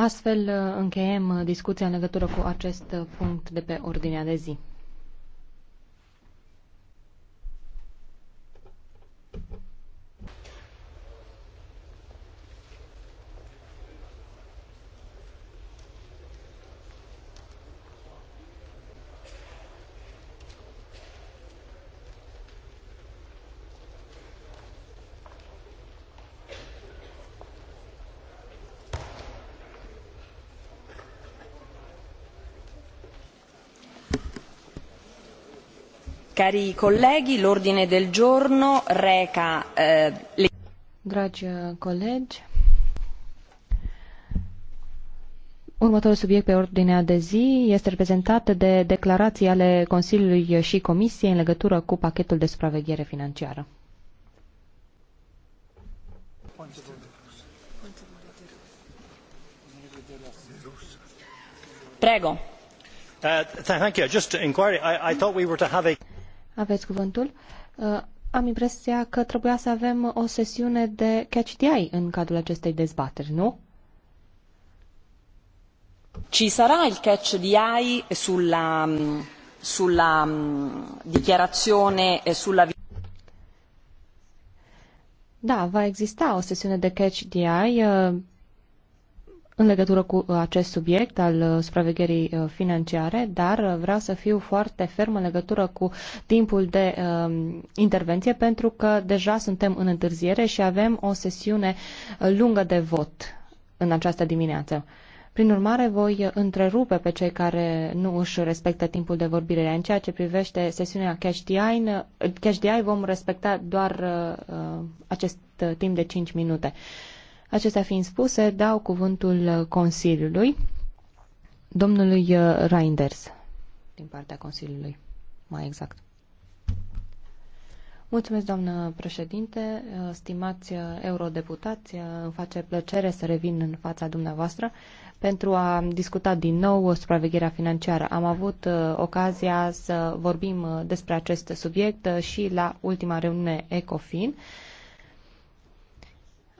Astfel încheiem uh, discuția în legătură cu acest uh, punct de pe ordinea de zi. Cari colleghi, l'ordine del giorno reca... Eh, le... Dragi eh, colegi, următorul subiect pe ordinea de zi este reprezentat de declarații ale Consiliului și Comisiei în legătură cu pachetul de supraveghere financiară. Prego. Uh, thank you. Just inquiry. I, I thought we were to have a aveți cuvântul. Uh, am impresia că trebuia să avem o sesiune de catch the eye în cadrul acestei dezbateri, nu? Ci sarà il catch the eye sulla, sulla mm, dichiarazione e sulla... Da, va exista o sesiune de catch the eye uh, în legătură cu uh, acest subiect al uh, supravegherii uh, financiare, dar vreau să fiu foarte ferm în legătură cu timpul de um, intervenție, pentru că deja suntem în întârziere și avem o sesiune lungă de vot în această dimineață. Prin urmare, voi întrerupe pe cei care nu își respectă timpul de vorbire. În ceea ce privește sesiunea Cash DI, vom respecta doar uh, acest timp de 5 minute. Uh, Acestea fiind spuse, dau cuvântul Consiliului domnului uh, Reinders din partea Consiliului, mai exact. Mulțumesc, doamnă președinte, uh, stimați uh, eurodeputați, îmi face plăcere să revin în fața dumneavoastră pentru a discuta din nou supravegherea financiară. Am avut ocazia să vorbim despre acest subiect și la ultima reuniune ECOFIN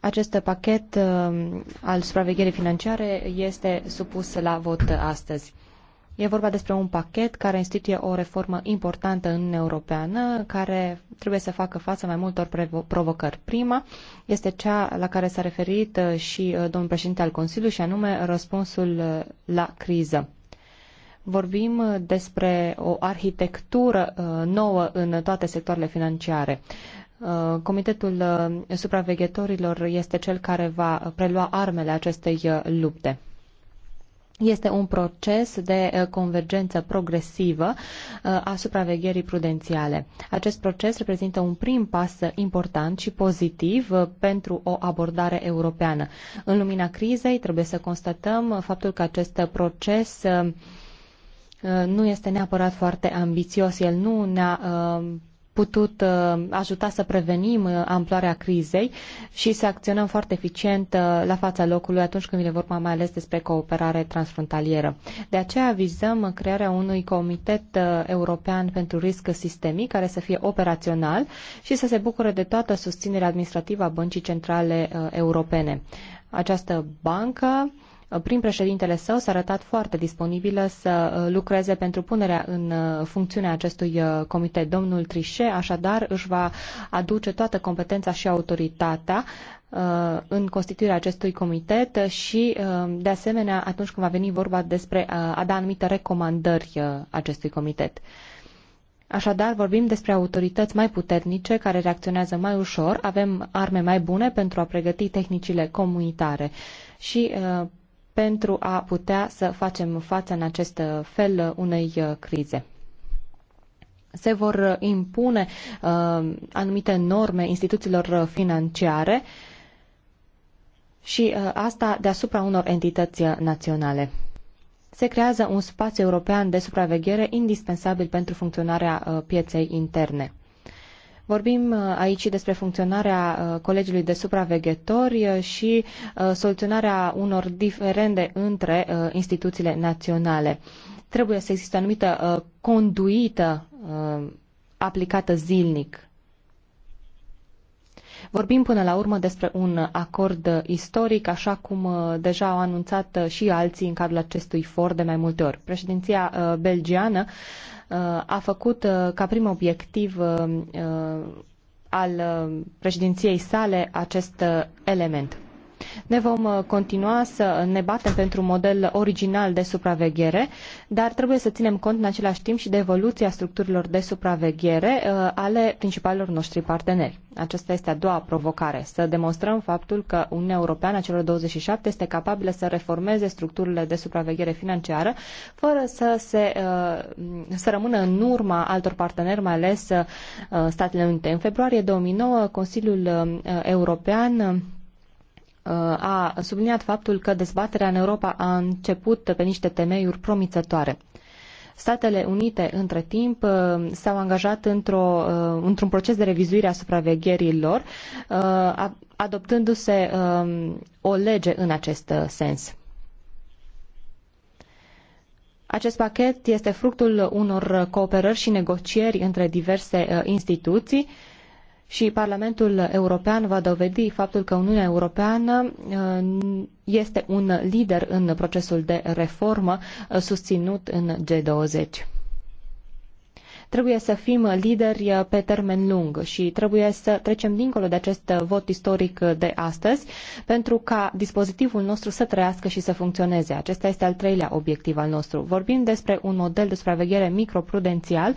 acest pachet uh, al supravegherii financiare este supus la vot astăzi. E vorba despre un pachet care instituie o reformă importantă în Europeană, care trebuie să facă față mai multor provocări. Prima este cea la care s-a referit uh, și uh, domnul președinte al Consiliului, și anume răspunsul la criză. Vorbim despre o arhitectură nouă în toate sectoarele financiare. Uh, comitetul uh, supraveghetorilor este cel care va prelua armele acestei uh, lupte. Este un proces de convergență progresivă a supravegherii prudențiale. Acest proces reprezintă un prim pas important și pozitiv pentru o abordare europeană. În lumina crizei trebuie să constatăm faptul că acest proces nu este neapărat foarte ambițios. El nu ne-a putut uh, ajuta să prevenim uh, amploarea crizei și să acționăm foarte eficient uh, la fața locului atunci când vine vorba mai ales despre cooperare transfrontalieră. De aceea vizăm crearea unui comitet european pentru risc sistemic care să fie operațional și să se bucure de toată susținerea administrativă a Băncii Centrale Europene. Această bancă prin președintele său s-a arătat foarte disponibilă să uh, lucreze pentru punerea în uh, funcțiune acestui uh, comitet. Domnul Trichet, așadar, își va aduce toată competența și autoritatea în constituirea acestui comitet și, de asemenea, atunci când va veni vorba despre a da anumite recomandări acestui comitet. Așadar, vorbim despre autorități mai puternice care reacționează mai ușor, avem arme mai bune pentru a pregăti tehnicile comunitare și pentru a putea să facem față în acest fel unei uh, crize se vor impune uh, anumite norme instituțiilor financiare și uh, asta deasupra unor entități naționale. Se creează un spațiu european de supraveghere indispensabil pentru funcționarea uh, pieței interne. Vorbim uh, aici despre funcționarea uh, Colegiului de Supraveghetori uh, și soluționarea unor diferende între instituțiile naționale. Trebuie să existe o anumită conduită aplicată zilnic Vorbim până la urmă despre un acord istoric, așa cum deja au anunțat și alții în cadrul acestui for de mai multe ori. Președinția belgiană a făcut uh, ca prim obiectiv uh, uh, al președinției sale acest element. Ne vom uh, continua să ne batem pentru un model original de supraveghere, dar trebuie să ținem cont în același timp și de evoluția structurilor de supraveghere uh, ale principalilor noștri parteneri. Aceasta este a doua provocare, să demonstrăm faptul că Uniunea Europeană a celor 27 este capabilă să reformeze structurile de supraveghere financiară fără să, se, uh, să rămână în urma altor parteneri, mai ales Statele Unite. În februarie 2009, Consiliul European a subliniat faptul că dezbaterea în Europa a început pe niște temeiuri promițătoare. Statele Unite, între timp, uh, s-au angajat într-o, uh, într-un proces de revizuire a supravegherii lor, uh, adoptându-se um, o lege în acest sens. Acest pachet este fructul unor cooperări și negocieri între diverse instituții, și Parlamentul European va dovedi faptul că Uniunea Europeană uh, este un lider în procesul de reformă uh, susținut în G20 trebuie să fim lideri uh, pe termen lung și trebuie să trecem dincolo de acest vot istoric de astăzi pentru ca dispozitivul nostru să trăiască și să funcționeze. Acesta este al treilea obiectiv al nostru. Vorbim despre un model de supraveghere microprudențial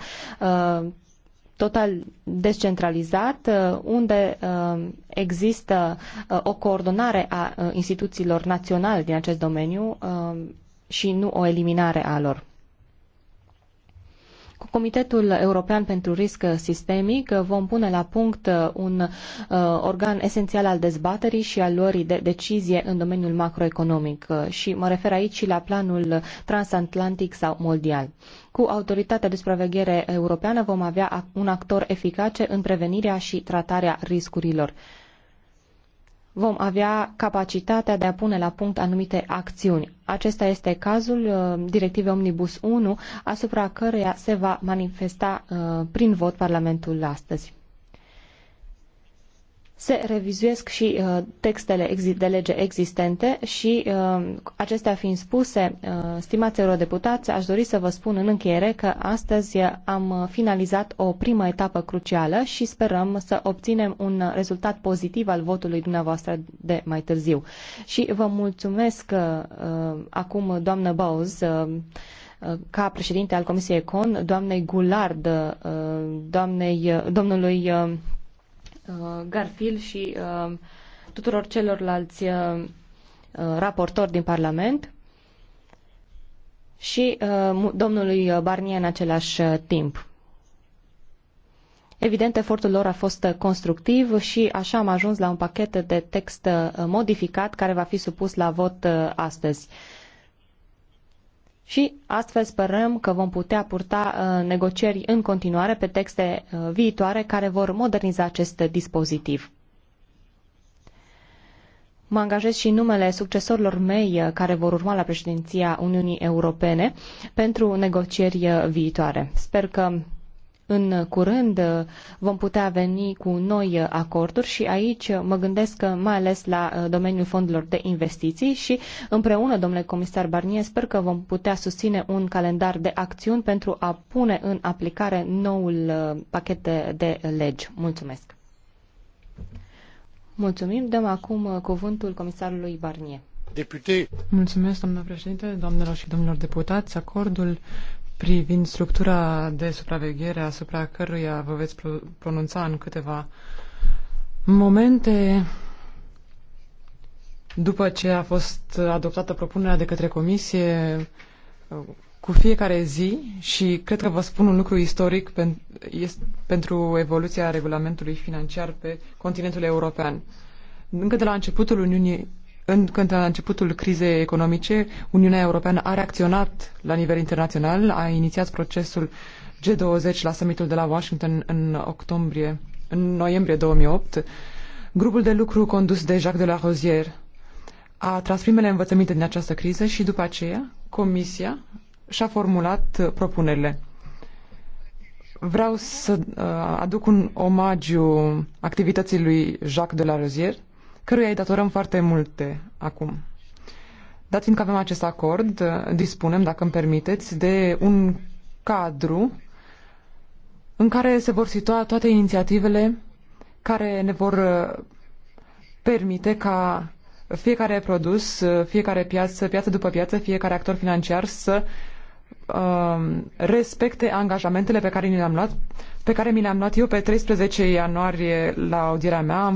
total descentralizat, uh, unde uh, există uh, o coordonare a instituțiilor naționale din acest domeniu și nu o eliminare a lor. Cu Comitetul European pentru Risc Sistemic vom pune la punct uh, un uh, organ esențial al dezbaterii și al luării de decizie în domeniul macroeconomic uh, și mă refer aici și la planul transatlantic sau mondial. Cu autoritatea de supraveghere europeană vom avea un actor eficace în prevenirea și tratarea riscurilor vom avea capacitatea de a pune la punct anumite acțiuni. Acesta este cazul uh, Directivei Omnibus 1, asupra căreia se va manifesta uh, prin vot Parlamentul astăzi se revizuiesc și uh, textele de lege existente și uh, acestea fiind spuse, uh, stimați eurodeputați, aș dori să vă spun în încheiere că astăzi am finalizat o primă etapă crucială și sperăm să obținem un rezultat pozitiv al votului dumneavoastră de mai târziu. Și vă mulțumesc uh, uh acum, doamnă Bauz, uh, uh, ca președinte al Comisiei Econ, doamnei Gulard, uh, doamnei, domnului Uh, Garfield și uh, tuturor celorlalți uh, raportori din Parlament și domnului Barnier în același timp. Evident, efortul lor a fost constructiv și așa am ajuns la un pachet de text modificat care va fi supus la vot astăzi și astfel sperăm că vom putea purta uh, negocieri în continuare pe texte uh, viitoare care vor moderniza acest dispozitiv. Mă angajez și numele succesorilor mei uh, care vor urma la președinția Uniunii Europene pentru negocieri viitoare. Sper că în curând uh, vom putea veni cu noi uh, acorduri și aici uh, mă gândesc mai ales la domeniul fondurilor de investiții și împreună, domnule comisar Barnier, sper că vom putea susține un calendar de acțiuni pentru a pune în aplicare noul pachet de, de legi. Mulțumesc! Mulțumim. Dăm acum cuvântul comisarului Barnier. Depute. Mulțumesc, doamnă președinte, doamnelor și domnilor deputați. Acordul privind structura de supraveghere asupra căruia vă veți pronunța în câteva momente după ce a fost adoptată propunerea de către comisie cu fiecare zi și cred că vă spun un lucru istoric pentru evoluția regulamentului financiar pe continentul european. Încă de la începutul Uniunii în, când la începutul crizei economice, Uniunea Europeană a reacționat la nivel internațional, a inițiat procesul G20 la summitul de la Washington în octombrie, în noiembrie 2008. Grupul de lucru condus de Jacques de la Rosière a tras primele învățăminte din această criză și după aceea Comisia și-a formulat propunerile. Vreau să uh, aduc un omagiu activității lui Jacques de la Rosière, căruia îi datorăm foarte multe acum. Dat fiindcă avem acest acord, dispunem, dacă îmi permiteți, de un cadru în care se vor situa toate inițiativele care ne vor uh, permite ca fiecare produs, uh, fiecare piață, piață după piață, fiecare actor financiar să uh, respecte angajamentele pe care ni le-am luat pe care mi le-am luat eu pe 13 ianuarie la audierea mea,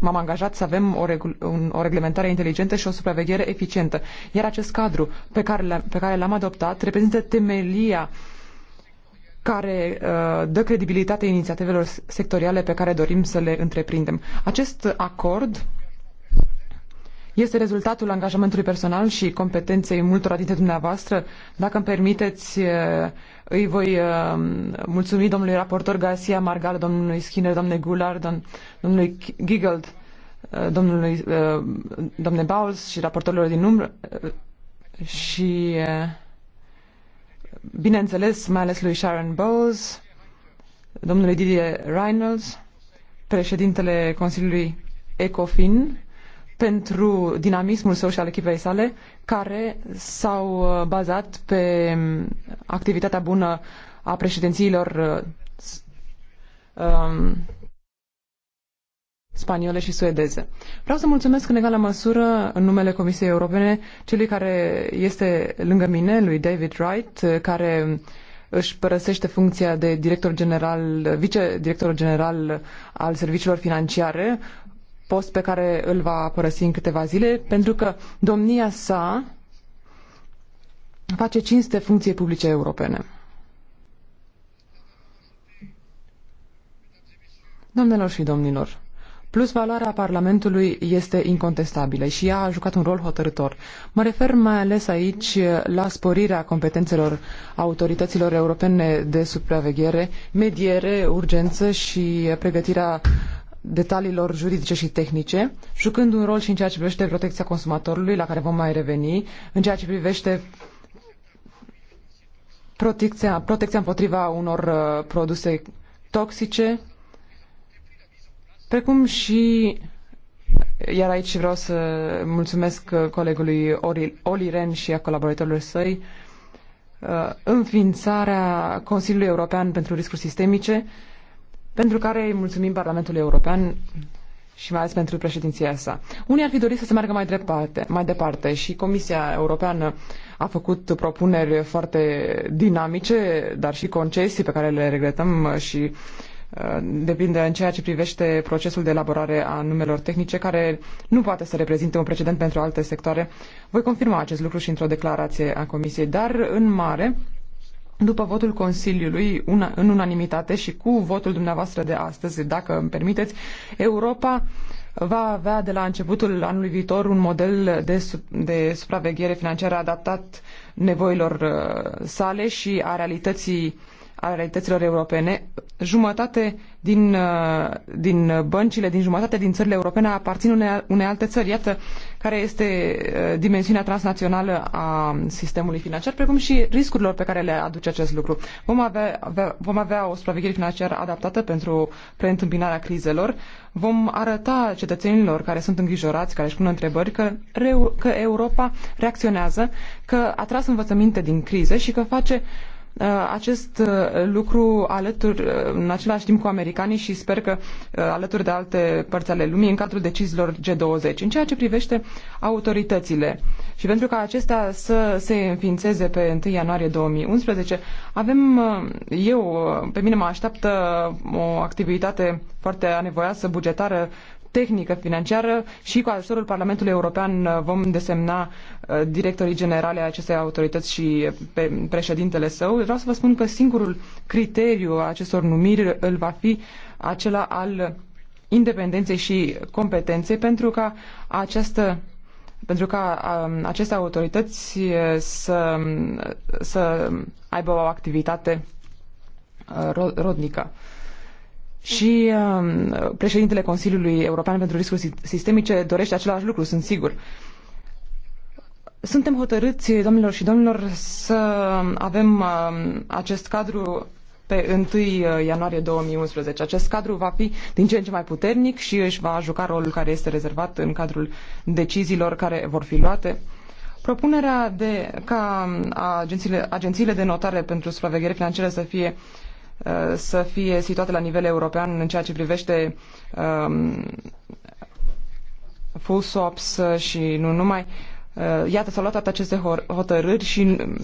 m-am angajat să avem o, regu- un, o reglementare inteligentă și o supraveghere eficientă. Iar acest cadru pe care, pe care l-am adoptat reprezintă temelia care uh, dă credibilitate inițiativelor sectoriale pe care dorim să le întreprindem. Acest acord este rezultatul angajamentului personal și competenței multora dintre dumneavoastră. Dacă îmi permiteți, uh, îi voi uh, mulțumi domnului raportor Garcia Margal, domnului Skinner, domnului Goulard, dom domnului Giggled, uh, domnului, uh, domnule Bowles și raportorilor din umbră și, bineînțeles, mai ales lui Sharon Bowles, domnului Didier Reynolds, președintele Consiliului ECOFIN, pentru dinamismul său și al echipei sale, care s-au uh, bazat pe um, activitatea bună a președințiilor uh, um, spaniole și suedeze. Vreau să mulțumesc în egală măsură în numele Comisiei Europene celui care este lângă mine, lui David Wright, uh, care își părăsește funcția de director general, vice director general al serviciilor financiare post pe care îl va părăsi în câteva zile, pentru că domnia sa face cinste funcției publice europene. Domnilor și domnilor, plus valoarea Parlamentului este incontestabilă și ea a jucat un rol hotărător. Mă refer mai ales aici la sporirea competențelor autorităților europene de supraveghere, mediere, urgență și pregătirea detaliilor juridice și tehnice, jucând un rol și în ceea ce privește protecția consumatorului, la care vom mai reveni, în ceea ce privește protecția, protecția împotriva unor uh, produse toxice, precum și iar aici vreau să mulțumesc uh, colegului Oli Ren și a colaboratorilor săi, uh, înființarea Consiliului European pentru Riscuri Sistemice, pentru care îi mulțumim Parlamentului European și mai ales pentru președinția sa. Unii ar fi dorit să se meargă mai departe, mai departe și Comisia Europeană a făcut propuneri foarte dinamice, dar și concesii pe care le regretăm și uh, depinde în ceea ce privește procesul de elaborare a numelor tehnice, care nu poate să reprezinte un precedent pentru alte sectoare. Voi confirma acest lucru și într-o declarație a Comisiei, dar în mare după votul Consiliului una, în unanimitate și cu votul dumneavoastră de astăzi, dacă îmi permiteți, Europa va avea de la începutul anului viitor un model de, de supraveghere financiară adaptat nevoilor uh, sale și a realității al realităților europene. Jumătate din, uh, din băncile din jumătate din țările europene aparțin unei, unei alte țări. Iată care este uh, dimensiunea transnațională a sistemului financiar, precum și riscurilor pe care le aduce acest lucru. Vom avea, avea, vom avea o supraveghere financiară adaptată pentru preîntâmpinarea crizelor. Vom arăta cetățenilor care sunt îngrijorați, care își pun întrebări, că, reu, că Europa reacționează, că a tras învățăminte din crize și că face uh, Uh, acest uh, lucru alături, uh, în același timp cu americanii și sper că alături de alte părți ale lumii în cadrul deciziilor G20. În ceea ce privește autoritățile și pentru ca acestea să se înființeze pe 1 ianuarie 2011, avem, eu, pe mine mă așteaptă o activitate foarte anevoiasă bugetară tehnică financiară și cu ajutorul Parlamentului European uh, vom desemna uh, directorii generale ai acestei autorități și uh, pe președintele său. Vreau să vă spun că singurul criteriu a acestor numiri îl va fi acela al independenței și competenței pentru ca această pentru ca um, aceste autorități să, să aibă o activitate uh, rodnică. Și uh, președintele Consiliului European pentru Riscuri Sistemice dorește același lucru, sunt sigur. Suntem hotărâți, domnilor și domnilor, să avem uh, acest cadru pe 1 uh, ianuarie 2011. Acest cadru va fi din ce în ce mai puternic și își va juca rolul care este rezervat în cadrul deciziilor care vor fi luate. Propunerea de ca um, agențiile, agențiile de notare pentru supraveghere financiară să fie uh, Uh, să fie situate la nivel european în ceea ce privește um, full swaps și nu numai. Uh, iată, s-au luat toate aceste hotărâri și um,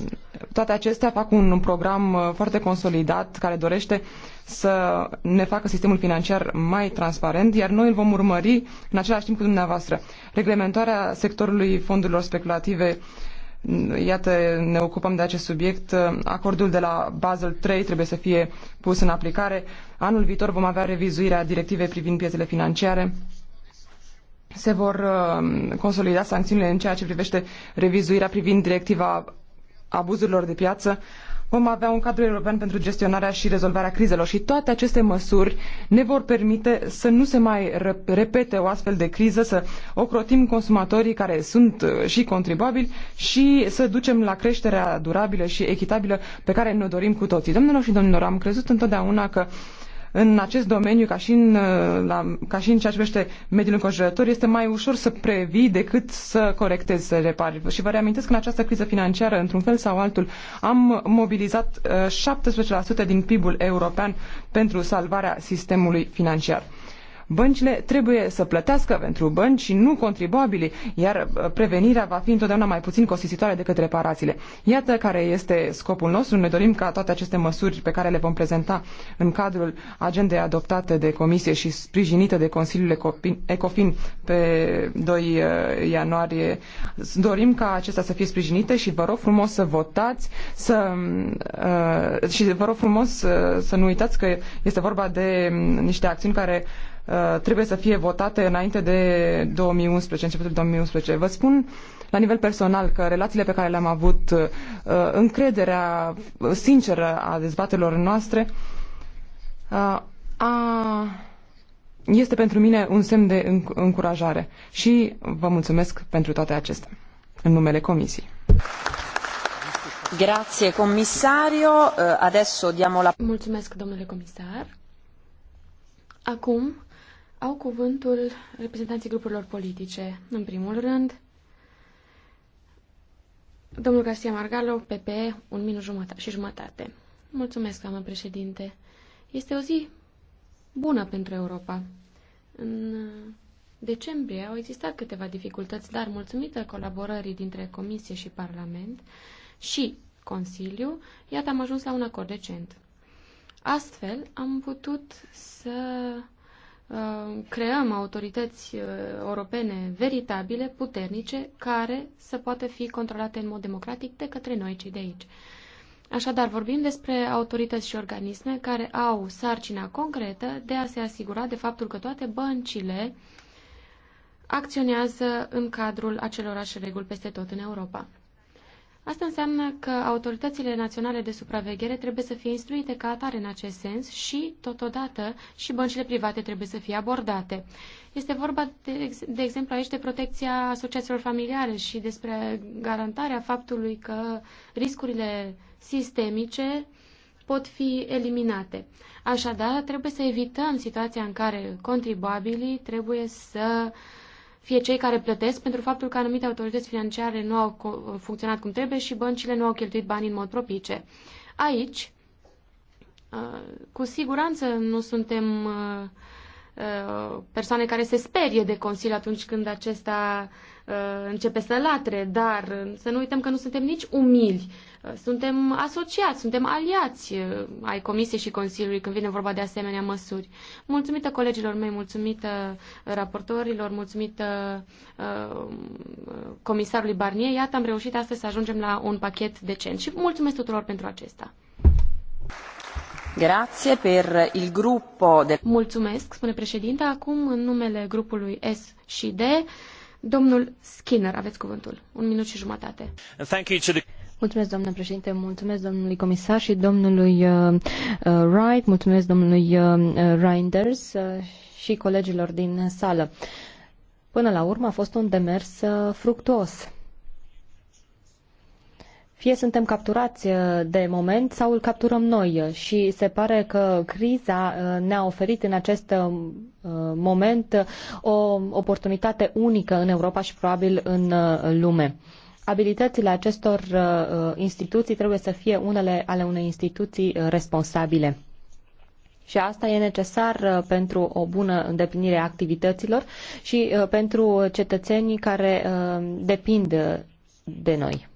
toate acestea fac un program uh, foarte consolidat care dorește să ne facă sistemul financiar mai transparent, iar noi îl vom urmări în același timp cu dumneavoastră. Reglementarea sectorului fondurilor speculative uh, Iată, ne ocupăm de acest subiect. Acordul de la Basel III trebuie să fie pus în aplicare. Anul viitor vom avea revizuirea directivei privind piețele financiare se vor uh, consolida sancțiunile în ceea ce privește revizuirea privind directiva abuzurilor de piață. Vom avea un cadru european pentru gestionarea și rezolvarea crizelor și toate aceste măsuri ne vor permite să nu se mai repete o astfel de criză, să ocrotim consumatorii care sunt uh, și contribuabili și să ducem la creșterea durabilă și echitabilă pe care ne-o dorim cu toții. Domnilor și domnilor, am crezut întotdeauna că uh, în acest domeniu, ca și în, uh, la, ca și în ceea ce privește mediul înconjurător, este mai ușor să previi decât să corectezi, să repari. Și vă reamintesc că în această criză financiară, într-un fel sau altul, am mobilizat 17% uh, din PIB-ul european pentru salvarea sistemului financiar. Băncile trebuie să plătească pentru bănci și nu contribuabilii, iar uh, prevenirea va fi întotdeauna mai puțin costisitoare decât reparațiile. Iată care este scopul nostru. Ne dorim ca toate aceste măsuri pe care le vom prezenta în cadrul agendei adoptate de Comisie și sprijinită de Consiliul ECOFIN pe 2 uh, ianuarie, dorim ca acestea să fie sprijinite și vă rog frumos să votați să, uh, și vă rog frumos să, nu uitați că este vorba de um, niște acțiuni care Uh, trebuie să fie votate înainte de 2011, începutul 2011. Vă spun la nivel personal că relațiile pe care le-am avut, uh, încrederea sinceră a dezbaterilor noastre, uh, a, este pentru mine un semn de încurajare și vă mulțumesc pentru toate acestea în numele Comisiei. Grazie comisario. adesso diamo la... Mulțumesc domnule comisar. Acum au cuvântul reprezentanții grupurilor politice. În primul rând, domnul Garcia Margalo, PPE, un minut jumătate și jumătate. Mulțumesc, doamnă președinte. Este o zi bună pentru Europa. În decembrie au existat câteva dificultăți, dar mulțumită colaborării dintre Comisie și Parlament și Consiliu, iată am ajuns la un acord decent. Astfel, am putut să Uh, creăm autorități uh, europene veritabile, puternice, care să poată fi controlate în mod democratic de către noi cei de aici. Așadar, vorbim despre autorități și organisme care au sarcina concretă de a se asigura de faptul că toate băncile acționează în cadrul acelorași reguli peste tot în Europa. Asta înseamnă că autoritățile naționale de supraveghere trebuie să fie instruite ca atare în acest sens și, totodată, și băncile private trebuie să fie abordate. Este vorba, de, de exemplu, aici de protecția asociațiilor familiare și despre garantarea faptului că riscurile sistemice pot fi eliminate. Așadar, trebuie să evităm situația în care contribuabilii trebuie să uh, fie cei care plătesc pentru faptul că anumite autorități financiare nu au funcționat cum trebuie și băncile nu au cheltuit banii în mod propice. Aici, uh, cu siguranță nu suntem uh, uh, persoane care se sperie de Consiliu atunci când acesta Uh, începe să latre, dar uh, să nu uităm că nu suntem nici umili. Uh, suntem asociați, suntem aliați ai Comisiei și Consiliului când vine vorba de asemenea măsuri. Mulțumită colegilor mei, mulțumită raportorilor, mulțumită uh, comisarului Barnier, iată am reușit astăzi să ajungem la un pachet decent și mulțumesc tuturor pentru acesta. Grazie per il gruppo de... Mulțumesc, spune președinta. Acum, în numele grupului S și D, Domnul Skinner, aveți cuvântul. Un minut și jumătate. Mulțumesc, doamnă președinte, mulțumesc domnului comisar și domnului uh, uh Wright, mulțumesc domnului uh, uh, Reinders uh, și colegilor din sală. Până la urmă a fost un demers uh, fructuos fie suntem capturați uh, de moment sau îl capturăm noi și se pare că criza uh, ne-a oferit în acest uh, moment o oportunitate unică în Europa și probabil în lume abilitățile acestor instituții trebuie să fie unele ale unei instituții responsabile. Și asta e necesar pentru o bună îndeplinire a activităților și pentru cetățenii care depind de noi.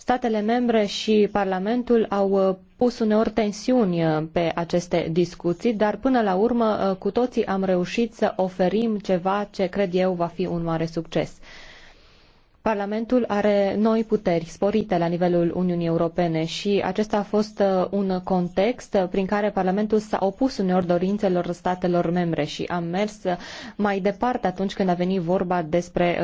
Statele membre și Parlamentul au uh, pus uneori tensiuni uh, pe aceste discuții, dar până la urmă uh, cu toții am reușit să oferim ceva ce cred eu va fi un mare succes. Parlamentul are noi puteri sporite la nivelul Uniunii Europene și acesta a fost uh, un context uh, prin care Parlamentul s-a opus uneori dorințelor statelor membre și a mers uh, mai departe atunci când a venit vorba despre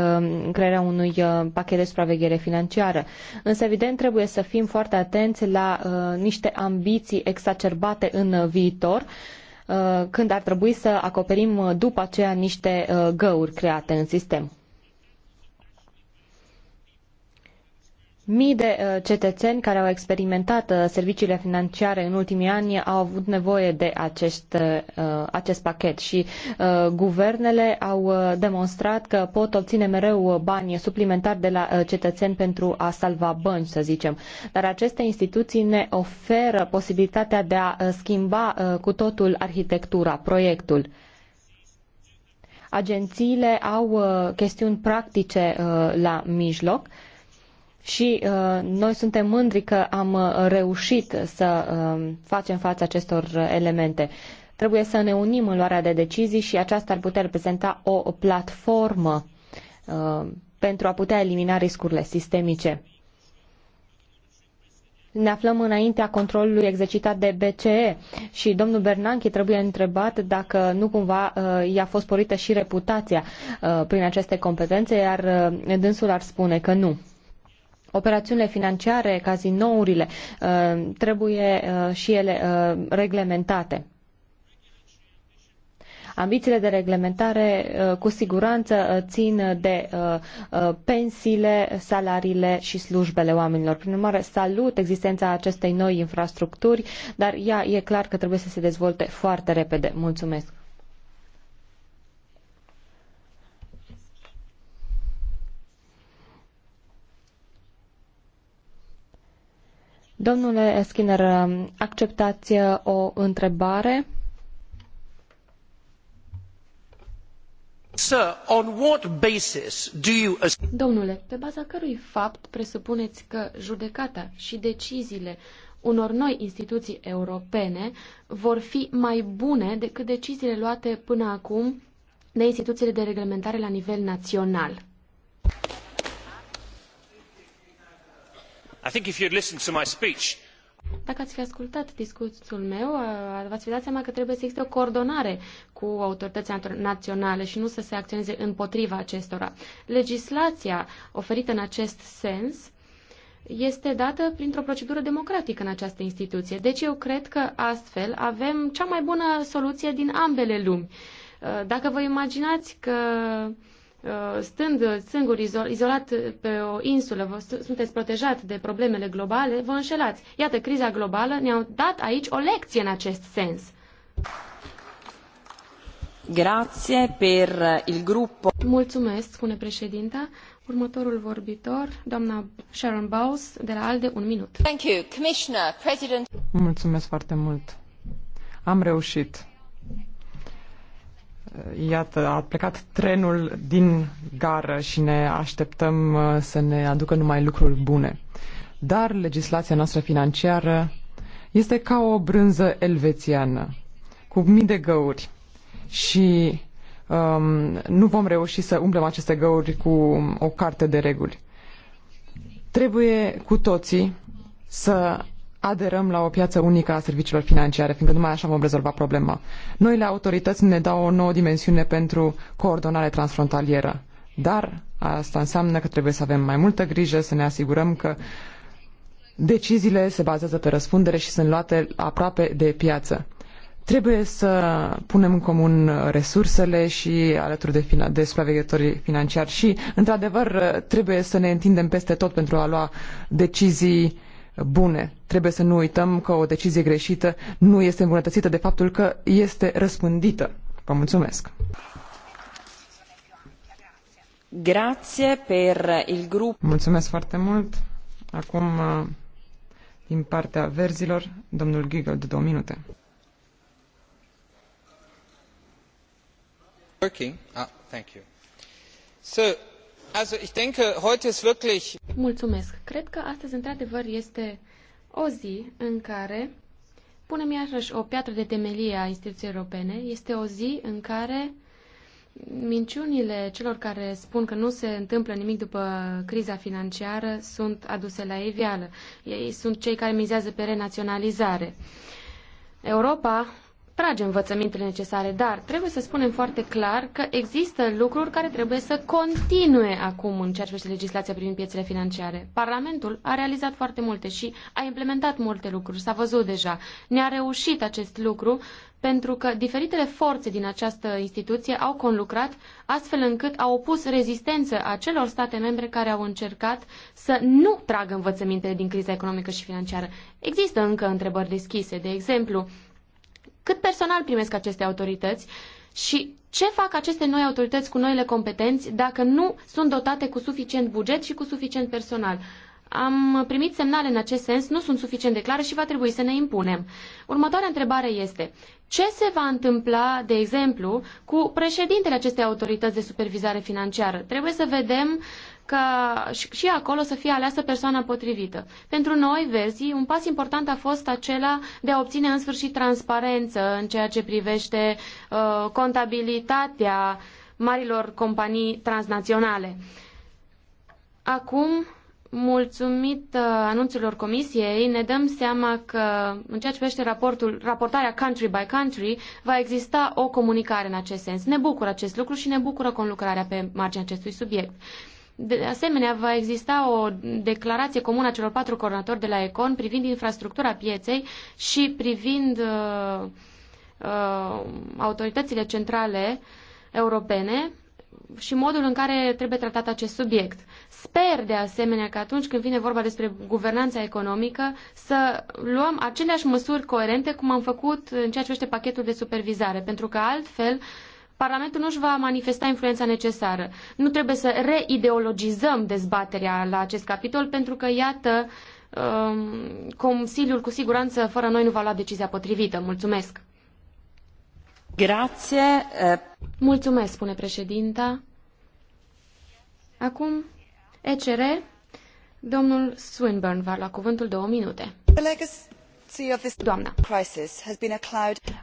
crearea unui pachet de supraveghere financiară. Însă, evident, trebuie să fim foarte atenți la niște ambiții exacerbate în viitor când ar trebui să acoperim după aceea niște găuri create în sistem. Mii de uh, cetățeni care au experimentat uh, serviciile financiare în ultimii ani au avut nevoie de acest, uh, acest pachet și guvernele au demonstrat că pot obține mereu bani suplimentari de la cetățeni pentru a salva bănci, să zicem. Dar aceste instituții ne oferă posibilitatea de a schimba cu totul arhitectura, proiectul agențiile au uh, chestiuni practice uh, la mijloc și uh, noi suntem mândri că am uh, reușit să uh, facem față acestor uh, elemente. Trebuie să ne unim în luarea de decizii și aceasta ar putea reprezenta o platformă uh, pentru a putea elimina riscurile sistemice. Ne aflăm înaintea controlului exercitat de BCE și domnul Bernanchi trebuie întrebat dacă nu cumva uh, i-a fost porită și reputația uh, prin aceste competențe, iar uh, dânsul ar spune că nu operațiunile financiare, cazinourile, uh, trebuie uh, și ele uh, reglementate. Ambițiile de reglementare cu siguranță țin de pensiile, salariile și slujbele oamenilor. Prin urmare, salut existența acestei noi infrastructuri, dar ea e clar că trebuie să se dezvolte foarte repede. Mulțumesc! Domnule Skinner, acceptați uh, o întrebare? Sir, on what basis do you... Domnule, pe baza cărui fapt presupuneți că judecata și deciziile unor noi instituții europene vor fi mai bune decât deciziile luate până acum de instituțiile de reglementare la nivel național? dacă ați fi ascultat discursul meu, v-ați fi dat seama că trebuie să existe o coordonare cu autoritățile naționale și nu să se acționeze împotriva acestora. Legislația oferită în acest sens este dată printr-o procedură democratică în această instituție. Deci eu cred că astfel avem cea mai bună soluție din ambele lumi. Dacă vă imaginați că Uh, stând singur izolat pe o insulă, vă sunteți protejat de problemele globale, vă înșelați. Iată, criza globală ne-a dat aici o lecție în acest sens. Grazie per il gruppo. Mulțumesc, spune președinta. Următorul vorbitor, doamna Sharon Bowles, de la ALDE, un minut. Thank you, Commissioner, President. Mulțumesc foarte mult. Am reușit iată, a plecat trenul din gară și ne așteptăm uh, să ne aducă numai lucruri bune. Dar legislația noastră financiară este ca o brânză elvețiană, cu mii de găuri și um, nu vom reuși să umplem aceste găuri cu o carte de reguli. Trebuie cu toții să aderăm la o piață unică a serviciilor financiare, fiindcă numai așa vom rezolva problema. Noile autorități ne dau o nouă dimensiune pentru coordonare transfrontalieră. Dar asta înseamnă că trebuie să avem mai multă grijă, să ne asigurăm că deciziile se bazează pe răspundere și sunt luate aproape de piață. Trebuie să punem în comun resursele și alături de, fina- de supraveghetorii financiari și, într-adevăr, trebuie să ne întindem peste tot pentru a lua decizii bune. Trebuie să nu uităm că o decizie greșită nu este îmbunătățită de faptul că este răspândită. Vă mulțumesc! Grazie per il grup. Mulțumesc foarte mult. Acum, uh, din partea verzilor, domnul Giggle de două minute. Working? Ah, thank you. So, Mulțumesc. Cred că astăzi, într-adevăr, este o zi în care punem iarăși o piatră de temelie a instituției europene. Este o zi în care minciunile celor care spun că nu se întâmplă nimic după criza financiară sunt aduse la iveală. Ei sunt cei care mizează pe renaționalizare. Europa trage învățămintele necesare, dar trebuie să spunem foarte clar că există lucruri care trebuie să continue acum în ceea ce privește legislația privind piețele financiare. Parlamentul a realizat foarte multe și a implementat multe lucruri, s-a văzut deja. Ne-a reușit acest lucru pentru că diferitele forțe din această instituție au conlucrat astfel încât au opus rezistență acelor state membre care au încercat să nu tragă învățămintele din criza economică și financiară. Există încă întrebări deschise, de exemplu, cât personal primesc aceste autorități și ce fac aceste noi autorități cu noile competenți dacă nu sunt dotate cu suficient buget și cu suficient personal? Am primit semnale în acest sens, nu sunt suficient de clare și va trebui să ne impunem. Următoarea întrebare este, ce se va întâmpla, de exemplu, cu președintele acestei autorități de supervizare financiară? Trebuie să vedem ca și acolo să fie aleasă persoana potrivită. Pentru noi, verzii, un pas important a fost acela de a obține în sfârșit transparență în ceea ce privește uh, contabilitatea marilor companii transnaționale. Acum, mulțumit uh, anunțurilor comisiei, ne dăm seama că, în ceea ce privește raportul, raportarea country by country, va exista o comunicare în acest sens. Ne bucură acest lucru și ne bucură conlucrarea pe marginea acestui subiect. De asemenea, va exista o declarație comună a celor patru coordonatori de la ECON privind infrastructura pieței și privind uh, uh, autoritățile centrale europene și modul în care trebuie tratat acest subiect. Sper, de asemenea, că atunci când vine vorba despre guvernanța economică, să luăm aceleași măsuri coerente cum am făcut în ceea ce este pachetul de supervizare, pentru că altfel uh, Parlamentul nu își va manifesta influența necesară. Nu trebuie să reideologizăm dezbaterea la acest capitol, pentru că, iată, um, Consiliul cu siguranță fără noi nu va lua decizia potrivită. Mulțumesc! Grație! Mulțumesc, spune președinta. Acum, ECR, domnul Swinburne va lua cuvântul două minute. Doamna.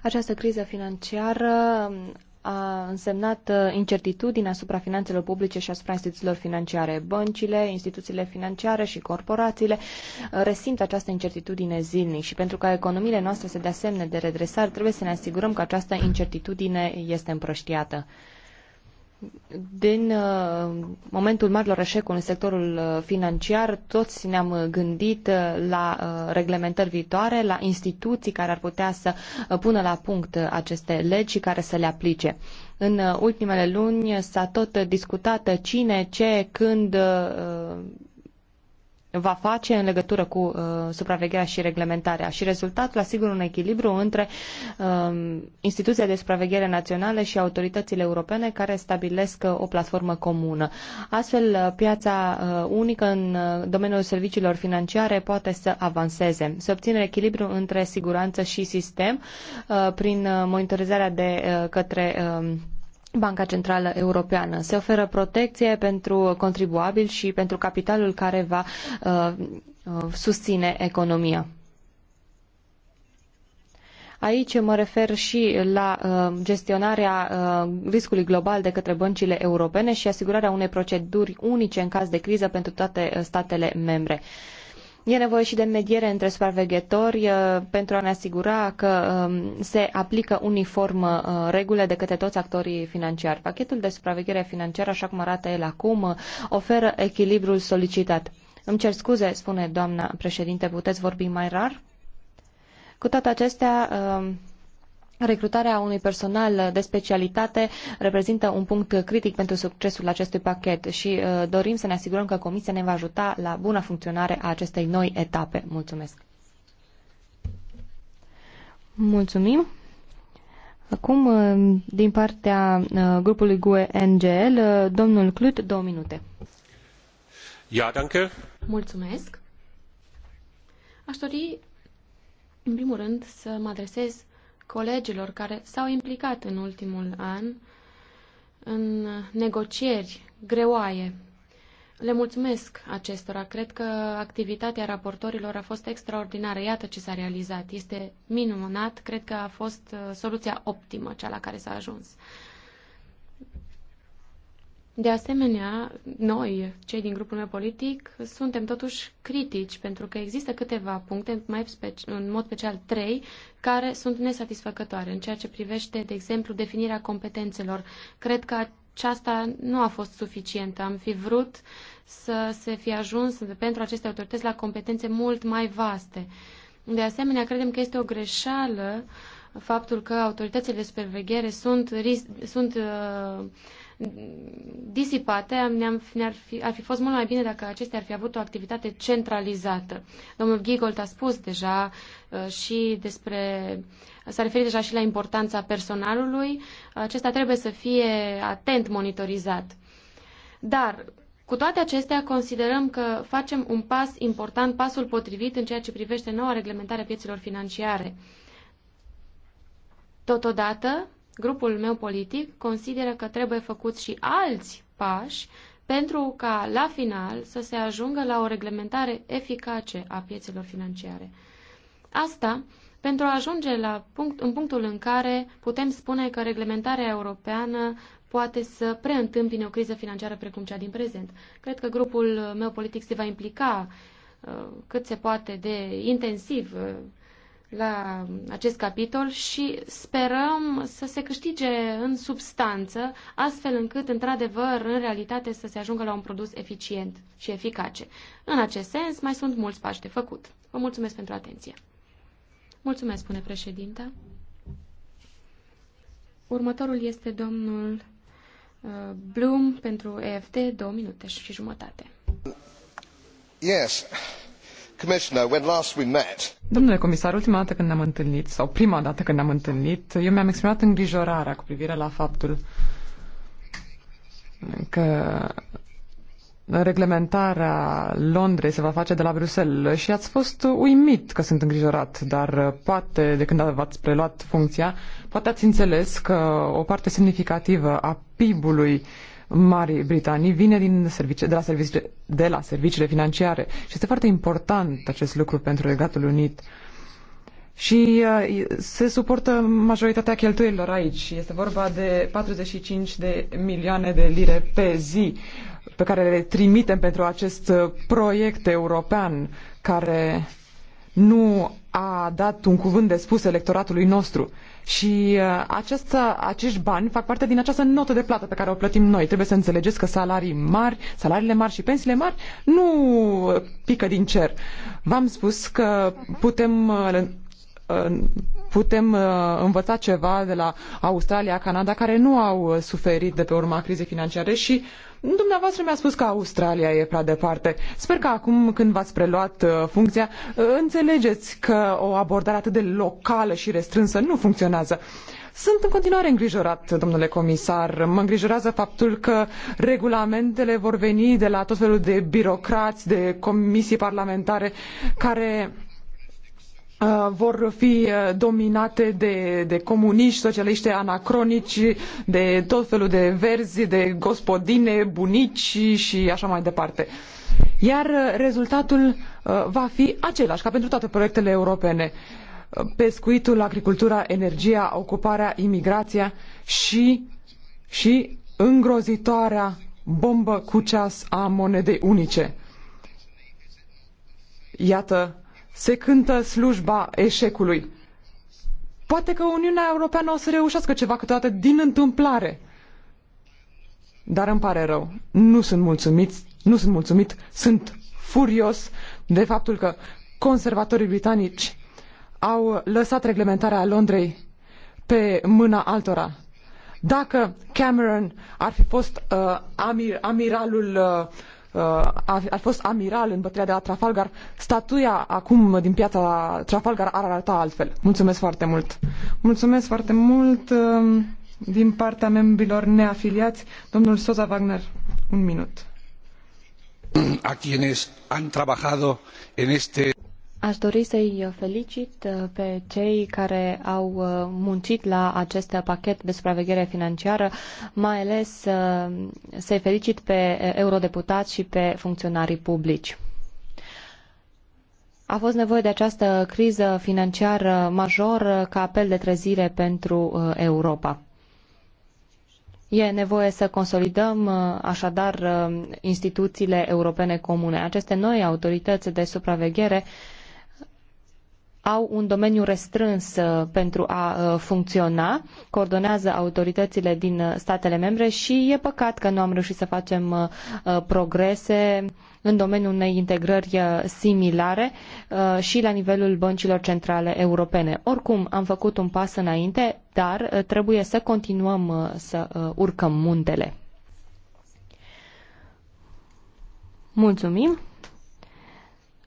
Această criză financiară a însemnat uh, incertitudine asupra finanțelor publice și asupra instituțiilor financiare. Băncile, instituțiile financiare și corporațiile uh, resimt această incertitudine zilnic și pentru ca economiile noastre să dea semne de redresare, trebuie să ne asigurăm că această incertitudine este împrăștiată din uh, momentul marilor eșecuri în sectorul uh, financiar, toți ne-am uh, gândit uh, la uh, reglementări viitoare, la instituții care ar putea să pună la punct aceste legi și care să le aplice. În ultimele luni s-a tot discutat cine, ce, când va face în legătură cu uh, supravegherea și reglementarea. Și rezultatul asigură un echilibru între uh, instituția de supraveghere naționale și autoritățile europene care stabilesc uh, o platformă comună. Astfel, uh, piața uh, unică în uh, domeniul serviciilor financiare poate să avanseze. Să obțină echilibru între siguranță și sistem uh, prin monitorizarea de uh, către uh, Banca Centrală Europeană. Se oferă protecție pentru contribuabil și pentru capitalul care va uh, uh susține economia. Aici mă refer și la uh, gestionarea uh, riscului global de către băncile europene și asigurarea unei proceduri unice în caz de criză pentru toate statele membre. Uh, E nevoie și de mediere între supraveghetori uh, pentru a ne asigura că um, se aplică uniform uh, regulile de către toți actorii financiari. Pachetul de supraveghere financiară, așa cum arată el acum, uh, oferă echilibrul solicitat. Îmi cer scuze, spune doamna președinte, puteți vorbi mai rar? Cu toate acestea, um, Recrutarea unui personal de specialitate reprezintă un punct critic pentru succesul acestui pachet și uh, dorim să ne asigurăm că Comisia ne va ajuta la buna funcționare a acestei noi etape. Mulțumesc! Mulțumim! Acum, uh, din partea uh, grupului GUE NGL, domnul Clut, două minute. Ja, danke. Mulțumesc! Aș dori, în primul rând, să mă adresez colegilor care s-au implicat în ultimul an în negocieri greoaie. Le mulțumesc acestora. Cred că activitatea raportorilor a fost extraordinară. Iată ce s-a realizat. Este minunat. Cred că a fost uh, soluția optimă cea la care s-a ajuns. De asemenea, noi, cei din grupul meu politic, suntem totuși critici, pentru că există câteva puncte, mai în mod special trei, care sunt nesatisfăcătoare în ceea ce privește, de exemplu, definirea competențelor. Cred că aceasta nu a fost suficientă. Am fi vrut să se fi ajuns pentru aceste autorități la competențe mult mai vaste. De asemenea, credem că este o greșeală faptul că autoritățile de supraveghere sunt, sunt uh, disipate, ne-am, ne-ar fi, ar fi fost mult mai bine dacă acestea ar fi avut o activitate centralizată. Domnul Gigold a spus deja uh, și despre, s-a referit deja și la importanța personalului. Acesta trebuie să fie atent monitorizat. Dar, cu toate acestea, considerăm că facem un pas important, pasul potrivit în ceea ce privește noua reglementare a piețelor financiare. Totodată, grupul meu politic consideră că trebuie făcuți și alți pași pentru ca la final să se ajungă la o reglementare eficace a piețelor financiare. Asta pentru a ajunge la punct, în punctul în care putem spune că reglementarea europeană poate să preîntâmpine o criză financiară precum cea din prezent. Cred că grupul meu politic se va implica uh, cât se poate de intensiv uh, la acest capitol și sperăm să se câștige în substanță, astfel încât, într-adevăr, în realitate, să se ajungă la un produs eficient și eficace. În acest sens, mai sunt mulți pași de făcut. Vă mulțumesc pentru atenție. Mulțumesc, spune președinta. Următorul este domnul uh, Bloom pentru EFT, două minute și jumătate. Yes. Domnule comisar, ultima dată când ne-am întâlnit, sau prima dată când ne-am întâlnit, eu mi-am exprimat îngrijorarea cu privire la faptul că reglementarea Londrei se va face de la Bruxelles și ați fost uimit că sunt îngrijorat, dar poate de când v-ați preluat funcția, poate ați înțeles că o parte semnificativă a PIB-ului uh, Marii Britanii vine din servici, de, la servici, de la serviciile financiare și este foarte important acest lucru pentru Regatul Unit. Și uh, se suportă majoritatea cheltuielilor aici. Este vorba de 45 de milioane de lire pe zi pe care le trimitem pentru acest uh, proiect european care nu a dat un cuvânt de spus electoratului nostru. Și uh, acest, acești bani fac parte din această notă de plată pe care o plătim noi. Trebuie să înțelegeți că salarii mari, salariile mari și pensiile mari nu uh, pică din cer. V-am spus că putem uh, putem uh, învăța ceva de la Australia, Canada, care nu au uh, suferit de pe urma crizei financiare și Dumneavoastră mi-a spus că Australia e prea departe. Sper că acum când v-ați preluat uh, funcția, înțelegeți că o abordare atât de locală și restrânsă nu funcționează. Sunt în continuare îngrijorat, domnule comisar. Mă îngrijorează faptul că regulamentele vor veni de la tot felul de birocrați, de comisii parlamentare care Uh, vor fi uh, dominate de, de comuniști, socialiști anacronici, de tot felul de verzi, de gospodine, bunici și așa mai departe. Iar uh, rezultatul va fi același ca pentru toate proiectele europene. Pescuitul, agricultura, energia, ocuparea, imigrația și, și îngrozitoarea bombă cu ceas a monedei unice. Iată se cântă slujba eșecului. Poate că Uniunea Europeană o să reușească ceva câteodată din întâmplare. Dar îmi pare rău. Nu sunt mulțumit, nu sunt mulțumit, sunt furios de faptul că conservatorii britanici au lăsat reglementarea Londrei pe mâna altora. Dacă Cameron ar fi fost uh, amir, amiralul uh, Uh, a, fost amiral în bătălia de la Trafalgar, statuia acum din piața Trafalgar ar arăta altfel. Mulțumesc foarte mult! Mulțumesc foarte mult um, din partea membrilor neafiliați, domnul Soza Wagner, un minut. A quienes han trabajado en este Aș dori să-i felicit uh, pe cei care au uh, muncit la acest pachet de supraveghere financiară, mai ales uh, să-i felicit pe eurodeputați și pe funcționarii publici. A fost nevoie de această criză financiară major ca apel de trezire pentru Europa. E nevoie să consolidăm așadar instituțiile europene comune. Aceste noi autorități de supraveghere uh, au un domeniu restrâns uh, pentru a uh, funcționa, coordonează autoritățile din uh, statele membre și e păcat că nu am reușit să facem progrese în domeniul unei integrări similare și la nivelul băncilor centrale europene. Oricum, am făcut un pas înainte, dar trebuie să continuăm să urcăm muntele. Mulțumim!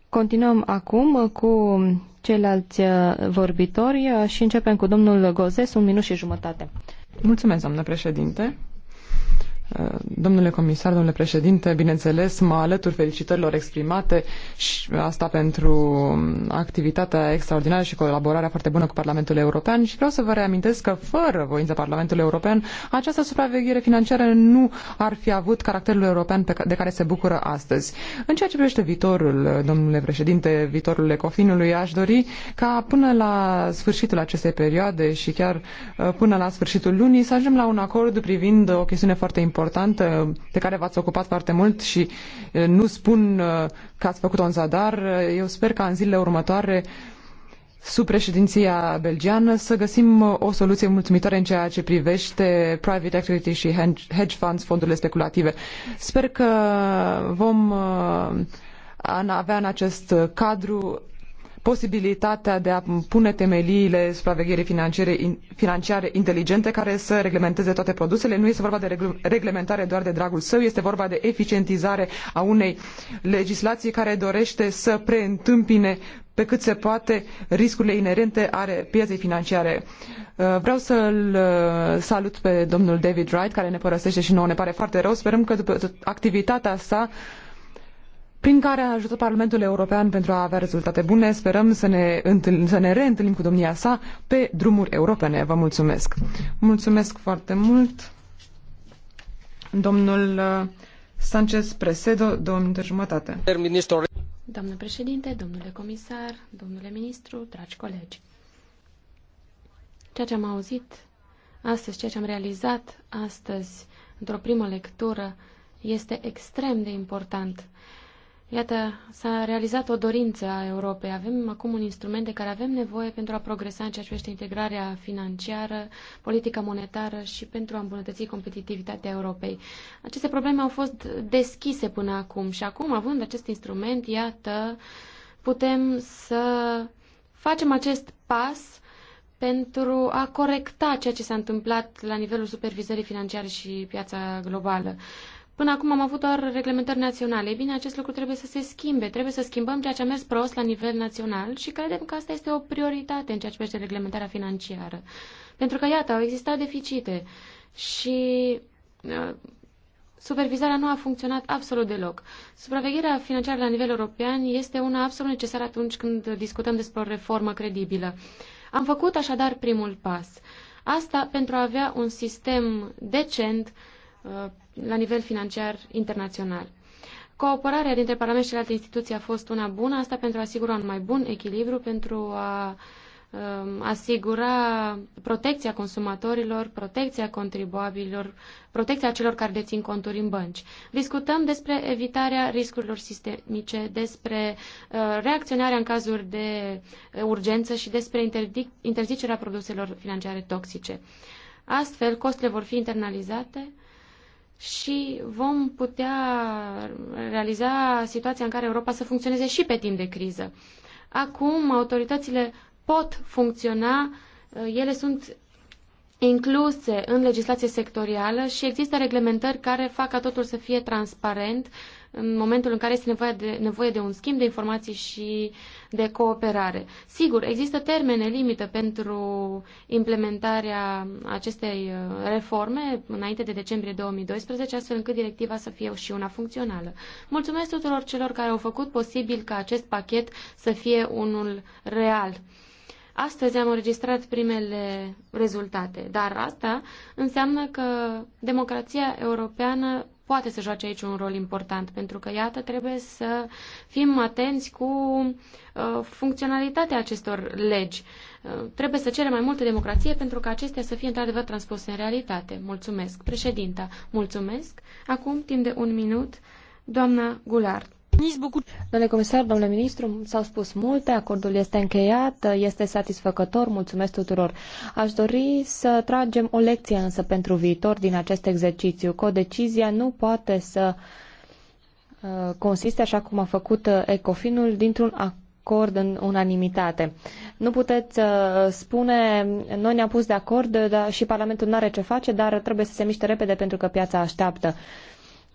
Continuăm acum cu ceilalți uh, vorbitori uh, și începem cu domnul Gozes, un minut și jumătate. Mulțumesc, doamnă președinte. Domnule comisar, domnule președinte, bineînțeles, mă alătur felicitărilor exprimate și asta pentru activitatea extraordinară și colaborarea foarte bună cu Parlamentul European și vreau să vă reamintesc că fără voința Parlamentului European, această supraveghere financiară nu ar fi avut caracterul european pe de care se bucură astăzi. În ceea ce privește viitorul, domnule președinte, viitorul Ecofinului, aș dori ca până la sfârșitul acestei perioade și chiar uh, până la sfârșitul lunii să ajungem la un acord privind o chestiune foarte importantă importantă de care v-ați ocupat foarte mult și nu spun că ați făcut-o în zadar. Eu sper ca în zilele următoare sub președinția belgiană să găsim o soluție mulțumitoare în ceea ce privește private equity și hedge funds, fondurile speculative. Sper că vom avea în acest cadru posibilitatea de a pune temeliile supravegherii financiare, financiare inteligente care să reglementeze toate produsele. Nu este vorba de reglementare doar de dragul său, este vorba de eficientizare a unei legislații care dorește să preîntâmpine pe cât se poate riscurile inerente ale pieței financiare. Uh, vreau să-l uh, salut pe domnul David Wright, care ne părăsește și nouă ne pare foarte rău. Sperăm că după activitatea sa prin care a ajutat Parlamentul European pentru a avea rezultate bune. Sperăm să ne, întâln, să ne reîntâlnim cu domnia sa pe drumuri europene. Vă mulțumesc! Mulțumesc foarte mult! Domnul uh, Sanchez Presedo, două de jumătate. Doamnă președinte, domnule comisar, domnule ministru, dragi colegi. Ceea ce am auzit astăzi, ceea ce am realizat astăzi, într-o primă lectură, este extrem de important Iată, s-a realizat o dorință a Europei. Avem acum un instrument de care avem nevoie pentru a progresa în ceea ce privește integrarea financiară, politica monetară și pentru a îmbunătăți competitivitatea Europei. Aceste probleme au fost deschise până acum și acum, având acest instrument, iată, putem să facem acest pas pentru a corecta ceea ce s-a întâmplat la nivelul supervizării financiare și piața globală. Uh, Până acum am avut doar reglementări naționale. Ei bine, acest lucru trebuie să se schimbe. Trebuie să schimbăm ceea ce a mers prost la nivel național și credem că asta este o prioritate în ceea ce privește reglementarea financiară. Pentru că, iată, au existat deficite și uh, supervizarea nu a funcționat absolut deloc. Supravegherea financiară la nivel european este una absolut necesară atunci când discutăm despre o reformă credibilă. Am făcut așadar primul pas. Asta pentru a avea un sistem decent uh, la nivel financiar internațional. Cooperarea dintre Parlament și alte instituții a fost una bună, asta pentru a asigura un mai bun echilibru, pentru a um, asigura protecția consumatorilor, protecția contribuabililor, protecția celor care dețin conturi în bănci. Discutăm despre evitarea riscurilor sistemice, despre uh, reacționarea în cazuri de urgență și despre interzicerea produselor financiare toxice. Astfel, costurile vor fi internalizate și vom putea realiza situația în care Europa să funcționeze și pe timp de criză. Acum autoritățile pot funcționa, ele sunt incluse în legislație sectorială și există reglementări care fac ca totul să fie transparent, în momentul în care este nevoie de, nevoie de un schimb de informații și de cooperare. Sigur, există termene limită pentru implementarea acestei uh, reforme înainte de decembrie 2012, astfel încât directiva să fie și una funcțională. Mulțumesc tuturor celor care au făcut posibil ca acest pachet să fie unul real. Astăzi am înregistrat primele rezultate, dar asta înseamnă că democrația europeană poate să joace aici un rol important, pentru că, iată, trebuie să fim atenți cu uh, funcționalitatea acestor legi. Uh, trebuie să cerem mai multă democrație pentru că acestea să fie într-adevăr transpuse în realitate. Mulțumesc. Președinta, mulțumesc. Acum, timp de un minut, doamna Gulard. Domnule comisar, domnule ministru, s-au spus multe, acordul este încheiat, este satisfăcător, mulțumesc tuturor. Aș dori să tragem o lecție însă pentru viitor din acest exercițiu, că decizia nu poate să uh, consiste, așa cum a făcut uh, Ecofinul, dintr-un acord în unanimitate. Nu puteți uh, spune, noi ne-am pus de acord dar și Parlamentul nu are ce face, dar trebuie să se miște repede pentru că piața așteaptă.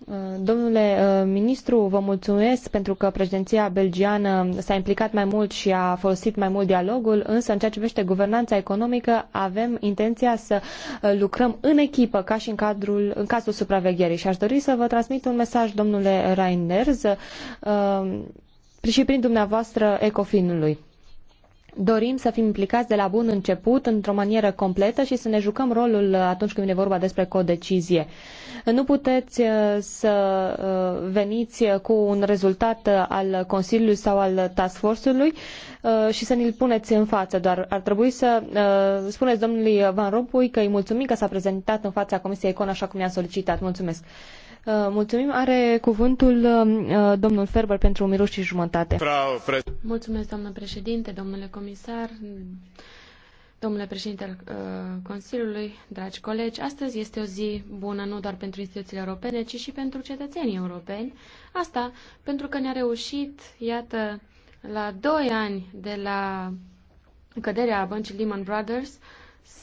Uh, domnule uh, ministru, vă mulțumesc pentru că președinția belgiană s-a implicat mai mult și a folosit mai mult dialogul, însă în ceea ce privește guvernanța economică avem intenția să uh, lucrăm în echipă, ca și în, cadrul, în cazul supravegherii. Și aș dori să vă transmit un mesaj, domnule Reinders, și prin dumneavoastră Ecofinului dorim să fim implicați de la bun început, într-o manieră completă și să ne jucăm rolul atunci când vine vorba despre codecizie. Nu puteți uh, să uh, veniți cu un rezultat al Consiliului sau al Task Force-ului uh, și să ne-l puneți în față, doar ar trebui să spuneți domnului Van Rompuy că îi mulțumim că s-a prezentat în fața Comisiei Econ așa cum i a solicitat. Mulțumesc! Uh, mulțumim. Are cuvântul uh, uh, domnul Ferber pentru un minut și jumătate. Mulțumesc, doamnă președinte, domnule comisar, domnule președinte al Consiliului, dragi colegi. Astăzi este o zi bună nu doar pentru instituțiile europene, ci și pentru cetățenii europeni. Asta pentru că ne-a reușit, iată, la doi ani de la căderea băncii Lehman Brothers,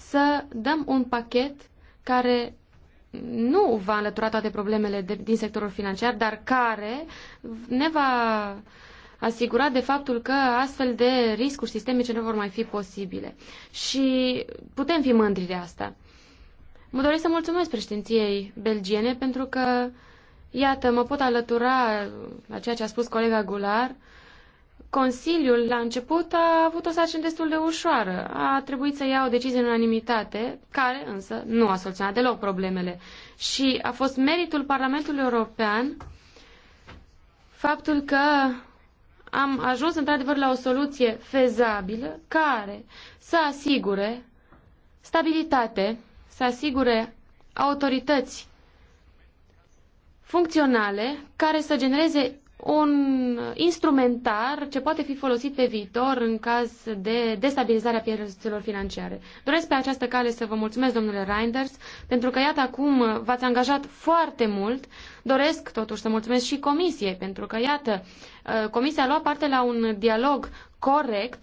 să dăm un pachet care nu va înlătura toate problemele de, din sectorul financiar, dar care ne va asigura de faptul că astfel de riscuri sistemice nu vor mai fi posibile. Și putem fi mândri de asta. Mă doresc să mulțumesc președinției belgiene pentru că, iată, mă pot alătura la ceea ce a spus colega Gular, Consiliul, la început, a avut o sarcină destul de ușoară. A trebuit să ia o decizie în unanimitate, care însă nu a soluționat deloc problemele. Și a fost meritul Parlamentului European faptul că am ajuns într-adevăr la o soluție fezabilă care să asigure stabilitate, să asigure autorități funcționale care să genereze un instrumentar ce poate fi folosit pe viitor în caz de destabilizare a piețelor financiare. Doresc pe această cale să vă mulțumesc, domnule Reinders, pentru că, iată, acum v-ați angajat foarte mult. Doresc, totuși, să mulțumesc și Comisiei, pentru că, iată, uh, Comisia a luat parte la un dialog corect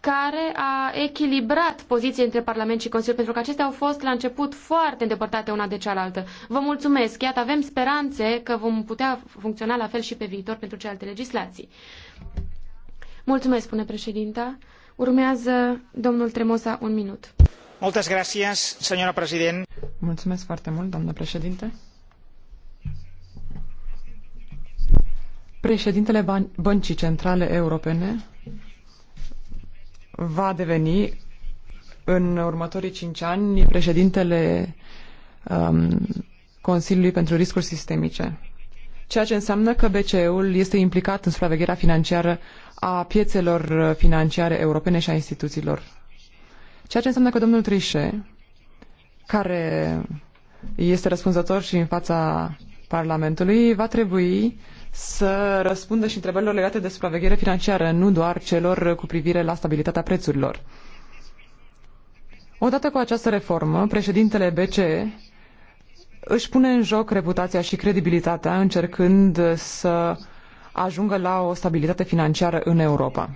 care a echilibrat poziția între Parlament și Consiliu, pentru că acestea au fost la început foarte îndepărtate una de cealaltă. Vă mulțumesc, iată, avem speranțe că vom putea funcționa la fel și pe viitor pentru celelalte legislații. Mulțumesc, spune președinta. Urmează domnul Tremosa un minut. Multas gracias, señora president. Mulțumesc foarte mult, doamnă președinte. Președintele Ban Băncii Centrale Europene va deveni în următorii cinci ani președintele um, Consiliului pentru Riscuri Sistemice, ceea ce înseamnă că BCE-ul este implicat în supravegherea financiară a piețelor financiare europene și a instituțiilor. Ceea ce înseamnă că domnul Trichet, care este răspunzător și în fața Parlamentului va trebui să răspundă și întrebărilor legate de supraveghere financiară, nu doar celor cu privire la stabilitatea prețurilor. Odată cu această reformă, președintele BCE își pune în joc reputația și credibilitatea încercând să ajungă la o stabilitate financiară în Europa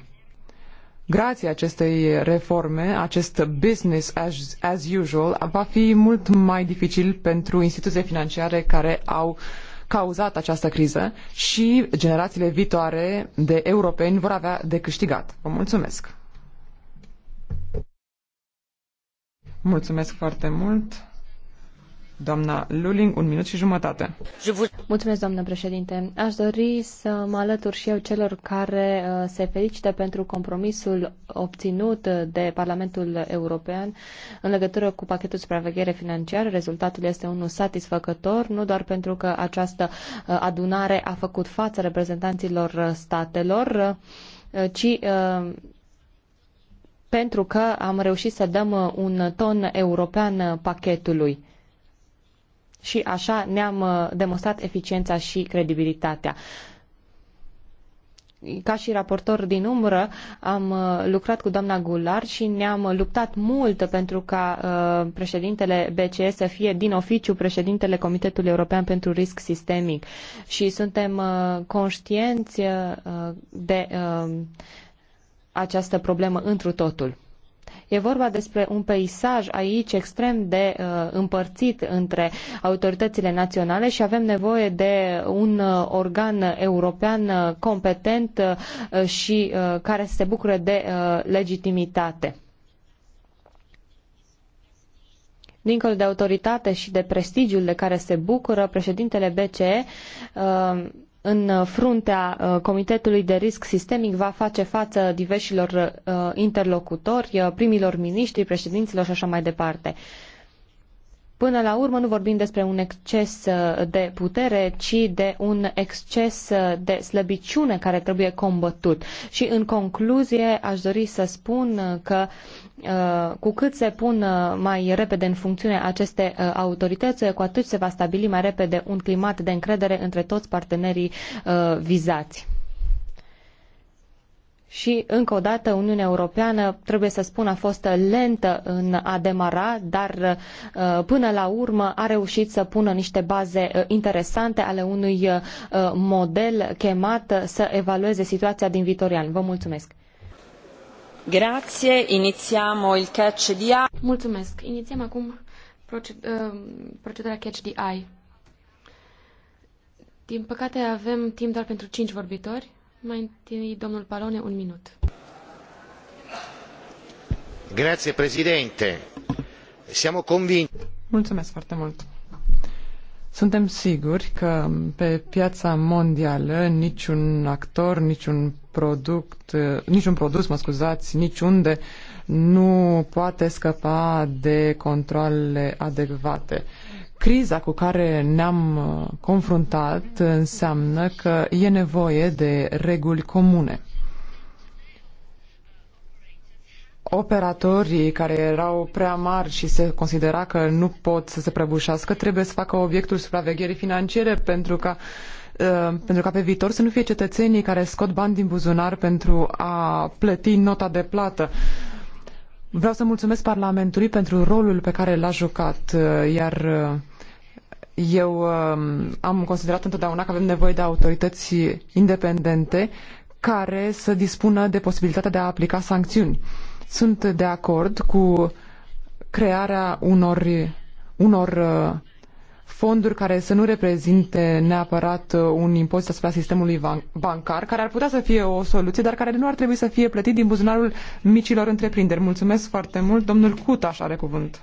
grație acestei reforme, acest business as, as usual va fi mult mai dificil pentru instituțiile financiare care au cauzat această criză și generațiile viitoare de europeni vor avea de câștigat. Vă mulțumesc! Mulțumesc foarte mult! Doamna Luling, un minut și jumătate. Mulțumesc, doamnă președinte. Aș dori să mă alătur și eu celor care uh, se felicită pentru compromisul obținut de Parlamentul European în legătură cu pachetul supraveghere financiară. Rezultatul este unul satisfăcător, nu doar pentru că această uh, adunare a făcut față reprezentanților statelor, uh, ci pentru că am reușit să dăm un ton european pachetului și așa ne-am uh, demonstrat eficiența și credibilitatea ca și raportor din umbră, am uh, lucrat cu doamna Gular și ne-am luptat mult pentru ca uh, președintele BCE să fie din oficiu președintele Comitetului European pentru Risc Sistemic. Și suntem conștienți de această problemă întru totul. E vorba despre un peisaj aici extrem de uh, împărțit între autoritățile naționale și avem nevoie de un uh, organ european uh, competent și care să se bucure de legitimitate. Dincolo de autoritate și de prestigiul de care se bucură, președintele BCE în uh, fruntea uh, Comitetului de Risc Sistemic va face față diversilor uh, interlocutori, primilor miniștri, președinților și așa mai departe. Până la urmă nu vorbim despre un exces uh, de putere, ci de un exces uh, de slăbiciune care trebuie combătut. Și în concluzie aș dori să spun uh, că cu cât se pun mai repede în funcțiune aceste autorități, cu atât se va stabili mai repede un climat de încredere între toți partenerii vizați. Și, încă o dată, Uniunea Europeană, trebuie să spun, a fost lentă în a demara, dar uh, până la urmă a reușit să pună niște baze uh, interesante ale unui uh, model chemat să evalueze situația din viitorii an. Vă mulțumesc! Grazie, iniziamo il catch di A. Mulțumesc. Inițiem acum procedura catch di A. Din păcate avem timp doar pentru 5 vorbitori. Mai întâi, domnul Palone, un minut. Grazie, președinte. Siamo convinti. Mulțumesc foarte mult. Suntem siguri că pe piața mondială niciun actor, niciun product, niciun produs, mă scuzați, niciunde nu poate scăpa de controle adecvate criza cu care ne-am uh, confruntat înseamnă că e nevoie de reguli comune. Operatorii care erau prea mari și se considera că nu pot să se prăbușească trebuie să facă obiectul supravegherii financiare pentru ca uh, pentru ca pe viitor să nu fie cetățenii care scot bani din buzunar pentru a plăti nota de plată. Vreau să mulțumesc Parlamentului pentru rolul pe care l-a jucat, uh, iar eu um, am considerat întotdeauna că avem nevoie de autorități independente care să dispună de posibilitatea de a aplica sancțiuni. Sunt de acord cu crearea unor, unor uh, fonduri care să nu reprezinte neapărat uh, un impozit asupra sistemului bancar, care ar putea să fie o soluție, dar care nu ar trebui să fie plătit din buzunarul micilor întreprinderi. Mulțumesc foarte mult. Domnul Cutaș are cuvânt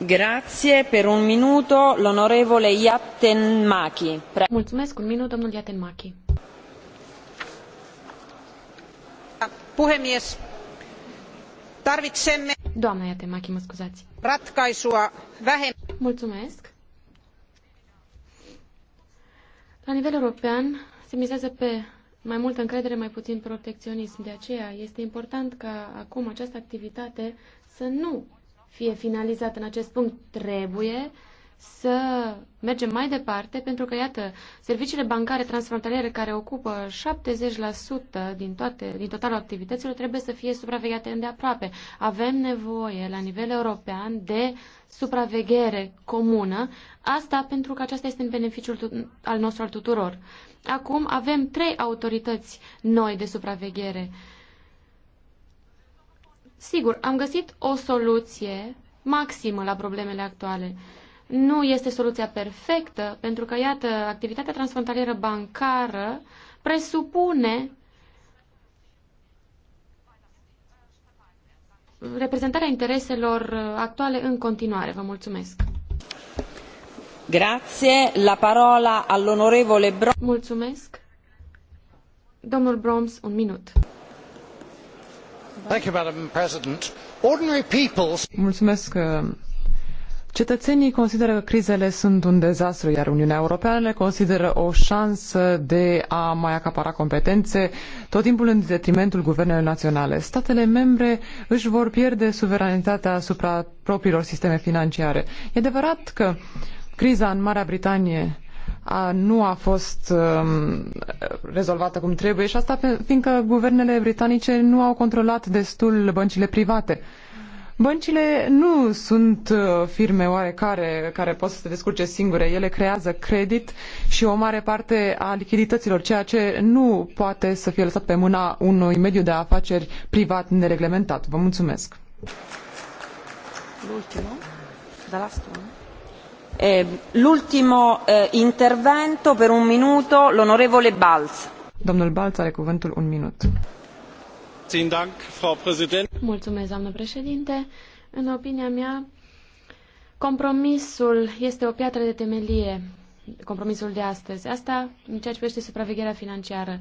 un Mulțumesc, un minut, domnul Puhemies, tarvitsemme... Doamna Ratkaisua Mulțumesc. La nivel european se mizează pe mai multă încredere, mai puțin protecționism. De aceea este important ca acum această activitate să nu fie finalizat în acest punct. Trebuie să mergem mai departe, pentru că, iată, serviciile bancare transfrontaliere care ocupă 70% din, toate, din totalul activităților trebuie să fie supravegheate îndeaproape. Avem nevoie, la nivel european, de supraveghere comună, asta pentru că aceasta este în beneficiul al nostru al tuturor. Acum avem trei autorități noi de supraveghere. Uh, Sigur, am găsit o soluție maximă la problemele actuale. Nu este soluția perfectă, pentru că, iată, activitatea transfrontalieră bancară presupune reprezentarea intereselor actuale în continuare. Vă mulțumesc. Grazie. La parola all'onorevole Bro- Mulțumesc. Domnul Broms, un minut. Mulțumesc. Uh, cetățenii consideră că crizele sunt un dezastru, iar Uniunea Europeană le consideră o șansă de a mai acapara competențe, tot timpul în detrimentul guvernelor naționale. Statele membre își vor pierde suveranitatea asupra propriilor sisteme financiare. E adevărat că criza în Marea Britanie a, nu a fost um, rezolvată cum trebuie și asta fiindcă guvernele britanice nu au controlat destul băncile private. Băncile nu sunt uh, firme oarecare care pot să se descurce singure. Ele creează credit și o mare parte a lichidităților, ceea ce nu poate să fie lăsat pe mâna unui mediu de afaceri privat nereglementat. Vă mulțumesc! L'ultimo, the da, last one. Eh, l'ultimo eh, intervento un Balz. Balz are cuvântul un minut. Mulțumesc, președinte. În opinia mea, compromisul este o piatră de temelie, compromisul de astăzi. Asta în ceea ce privește supravegherea financiară.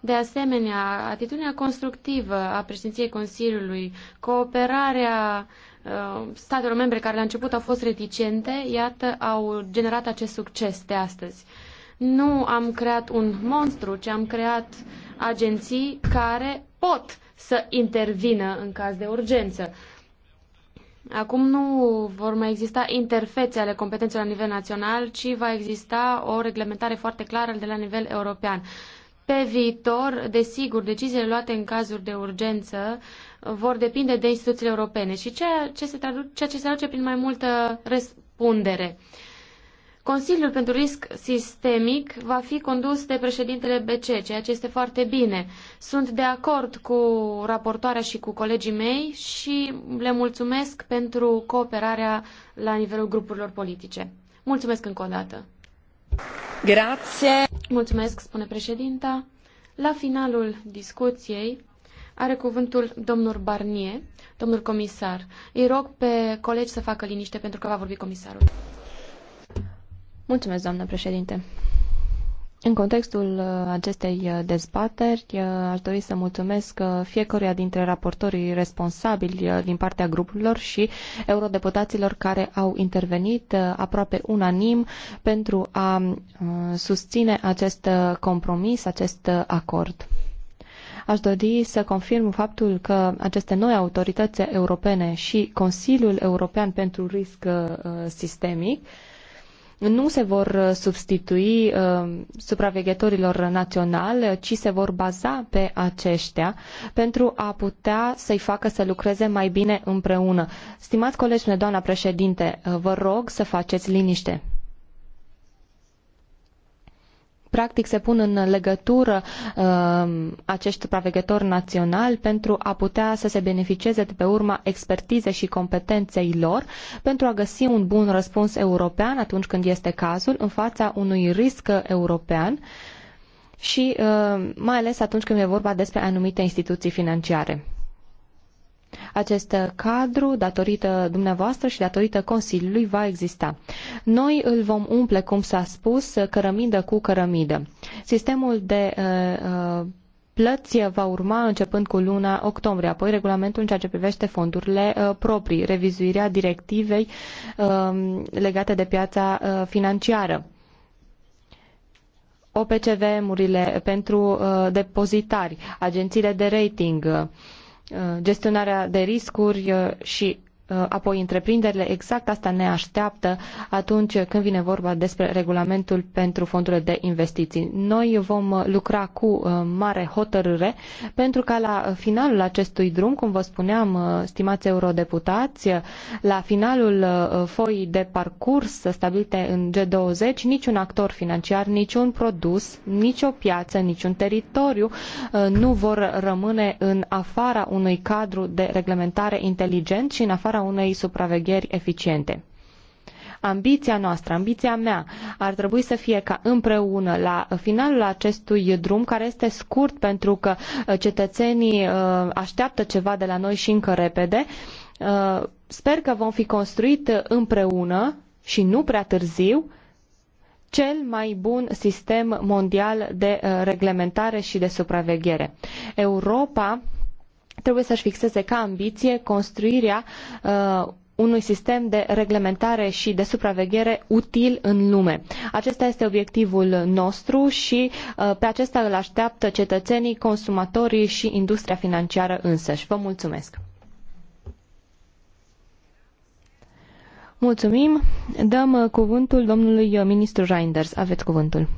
De asemenea, atitudinea constructivă a președinției Consiliului, cooperarea Uh, statelor membre care la început au fost reticente, iată, au generat acest succes de astăzi. Nu am creat un monstru, ci am creat agenții care pot să intervină în caz de urgență. Acum nu vor mai exista interfețe ale competențelor la nivel național, ci va exista o reglementare foarte clară de la nivel european. Pe viitor, desigur, deciziile luate în cazuri de urgență vor depinde de instituțiile europene și ceea ce se, tradu- ceea ce se traduce prin mai multă răspundere. Consiliul pentru risc sistemic va fi condus de președintele BC, ceea ce este foarte bine. Sunt de acord cu raportoarea și cu colegii mei și le mulțumesc pentru cooperarea la nivelul grupurilor politice. Mulțumesc încă o dată. Grație. Mulțumesc, spune președinta. La finalul discuției are cuvântul domnul Barnier, domnul comisar. Îi rog pe colegi să facă liniște pentru că va vorbi comisarul. Mulțumesc, doamnă președinte. În contextul uh, acestei uh, dezbateri, uh, aș dori să mulțumesc fiecăruia dintre raportorii responsabili din partea grupurilor și eurodeputaților care au intervenit aproape unanim pentru a susține acest compromis, acest acord. Aș dori să confirm faptul că aceste noi autorități europene și Consiliul European pentru Risc uh, Sistemic nu se vor substitui uh, supraveghetorilor naționali, ci se vor baza pe aceștia pentru a putea să-i facă să lucreze mai bine împreună. Stimați colegi, doamna președinte, uh, vă rog să faceți liniște practic se pun în legătură uh, acești supraveghetori naționali pentru a putea să se beneficieze de pe urma expertizei și competenței lor pentru a găsi un bun răspuns european atunci când este cazul în fața unui risc european și uh, mai ales atunci când e vorba despre anumite instituții financiare. Acest cadru, datorită dumneavoastră și datorită Consiliului, va exista. Noi îl vom umple, cum s-a spus, cărămidă cu cărămidă. Sistemul de uh, uh plăți va urma începând cu luna octombrie, apoi regulamentul în ceea ce privește fondurile uh, proprii, revizuirea directivei uh, legate de piața uh, financiară. opcv urile pentru uh, depozitari, agențiile de rating, uh, Uh, gestionarea de riscuri uh, și Uh, apoi întreprinderile, exact asta ne așteaptă atunci când vine vorba despre regulamentul pentru fondurile de investiții. Noi vom lucra cu uh, mare hotărâre pentru ca la finalul acestui drum, cum vă spuneam, uh, stimați eurodeputați, la finalul foii de parcurs stabilite în G20, niciun actor financiar, niciun produs, nicio piață, niciun teritoriu nu vor rămâne în afara unui cadru de reglementare inteligent și în afara lipsa unei supravegheri eficiente. Ambiția noastră, ambiția mea ar trebui să fie ca împreună la finalul acestui drum care este scurt pentru că uh, cetățenii uh, așteaptă ceva de la noi și încă repede. Uh, sper că vom fi construit împreună și nu prea târziu cel mai bun sistem mondial de reglementare și de supraveghere. Europa trebuie să-și fixeze ca ambiție construirea uh, unui sistem de reglementare și de supraveghere util în lume. Acesta este obiectivul nostru și uh, pe acesta îl așteaptă cetățenii, consumatorii și industria financiară însăși. Vă mulțumesc! Mulțumim. Dăm uh, cuvântul domnului uh, ministru Reinders. Aveți cuvântul.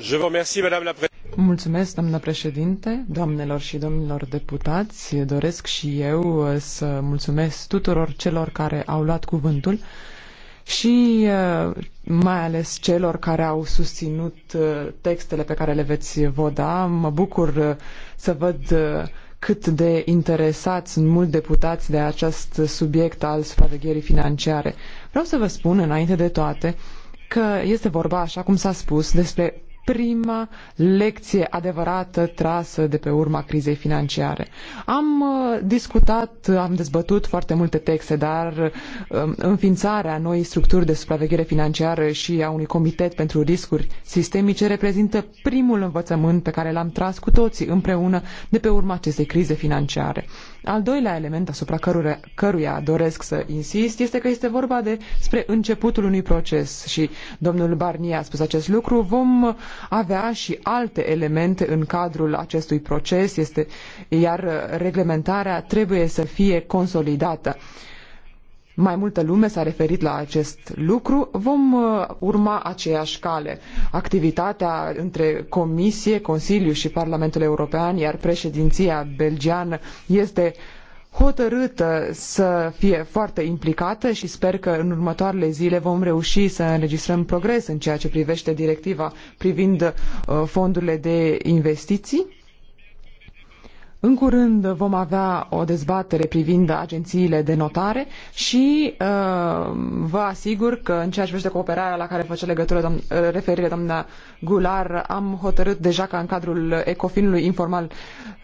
Je vous remercie, madame la Mulțumesc, doamnă președinte, doamnelor și domnilor deputați. Doresc și eu uh, să mulțumesc tuturor celor care au luat cuvântul și uh, mai ales celor care au susținut uh, textele pe care le veți voda. Mă bucur să văd cât de interesați sunt mulți deputați de acest subiect al supravegherii financiare. Vreau să vă spun, înainte de toate, că este vorba, așa cum s-a spus, despre prima lecție adevărată trasă de pe urma crizei financiare. Am uh, discutat, am dezbătut foarte multe texte, dar um, înființarea noii structuri de supraveghere financiară și a unui comitet pentru riscuri sistemice reprezintă primul învățământ pe care l-am tras cu toții împreună de pe urma acestei crize financiare. Al doilea element asupra căruia, căruia doresc să insist este că este vorba de spre începutul unui proces și domnul Barnier a spus acest lucru. Vom avea și alte elemente în cadrul acestui proces, este, iar reglementarea trebuie să fie consolidată. Uh, mai multă lume s-a referit la acest lucru, vom uh, urma aceeași cale. Activitatea între Comisie, Consiliu și Parlamentul European, iar președinția belgiană este hotărâtă să fie foarte implicată și sper că în următoarele zile vom reuși să înregistrăm progres în ceea ce privește directiva privind uh, fondurile de investiții în curând vom avea o dezbatere privind agențiile de notare și uh, vă asigur că în ceea ce privește cooperarea la care face legătură doam- referire doamna Gular, am hotărât deja ca în cadrul Ecofinului informal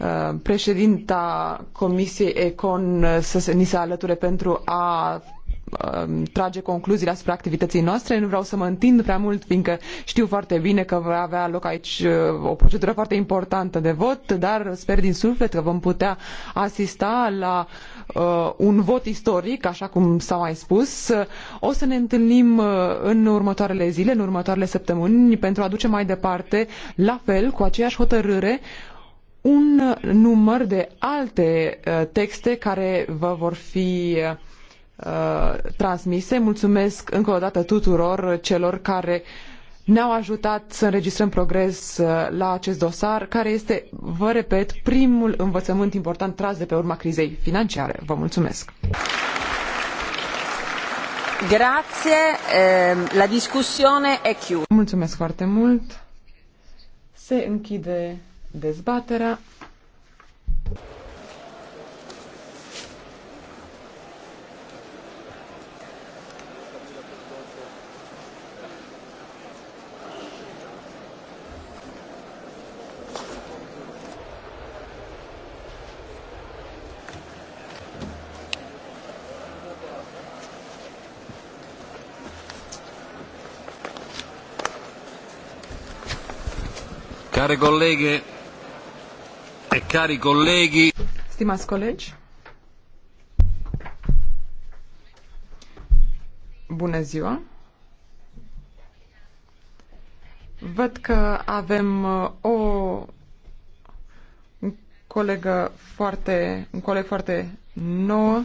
uh, președinta Comisiei Econ să se, ni se alăture pentru a Um, trage concluziile asupra activității noastre. Nu vreau să mă întind prea mult, fiindcă știu foarte bine că va avea loc aici uh, o procedură foarte importantă de vot, dar sper din suflet că vom putea asista la uh, un vot istoric, așa cum s-a mai spus. O să ne întâlnim uh, în următoarele zile, în următoarele săptămâni, pentru a duce mai departe, la fel, cu aceeași hotărâre, un număr de alte uh, texte care vă vor fi uh, uh, transmise. Mulțumesc încă o dată tuturor celor care ne-au ajutat să înregistrăm progres uh, la acest dosar, care este, vă repet, primul învățământ important tras de pe urma crizei financiare. Vă mulțumesc! Grazie, ehm, la discussione e chiusă. Mulțumesc foarte mult. Se închide dezbaterea. Care colleghe e cari colleghi. Stimați colegi. Bună ziua. Văd că avem uh, o colegă foarte, un coleg foarte nouă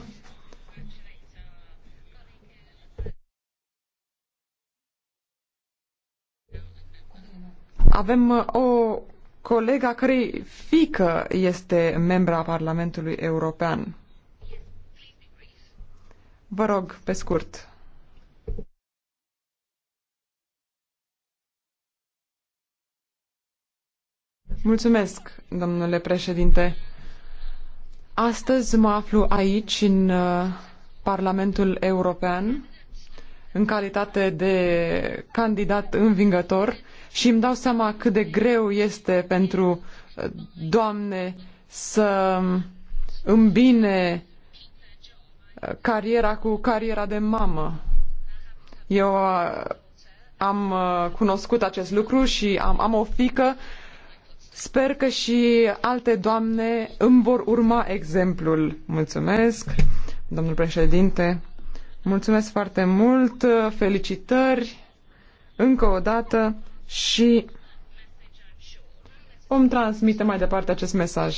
Avem uh, o colega cărei fică este membra a Parlamentului European. Vă rog, pe scurt. Mulțumesc, domnule președinte. Astăzi mă aflu aici, în uh, Parlamentul European, în calitate de candidat învingător și îmi dau seama cât de greu este pentru uh, doamne să îmbine uh, cariera cu cariera de mamă. Eu uh, am cunoscut acest lucru și am, am o fică. Sper că și alte doamne îmi vor urma exemplul. Mulțumesc, domnul președinte. Mulțumesc foarte mult, felicitări încă o dată și vom transmite mai departe acest mesaj.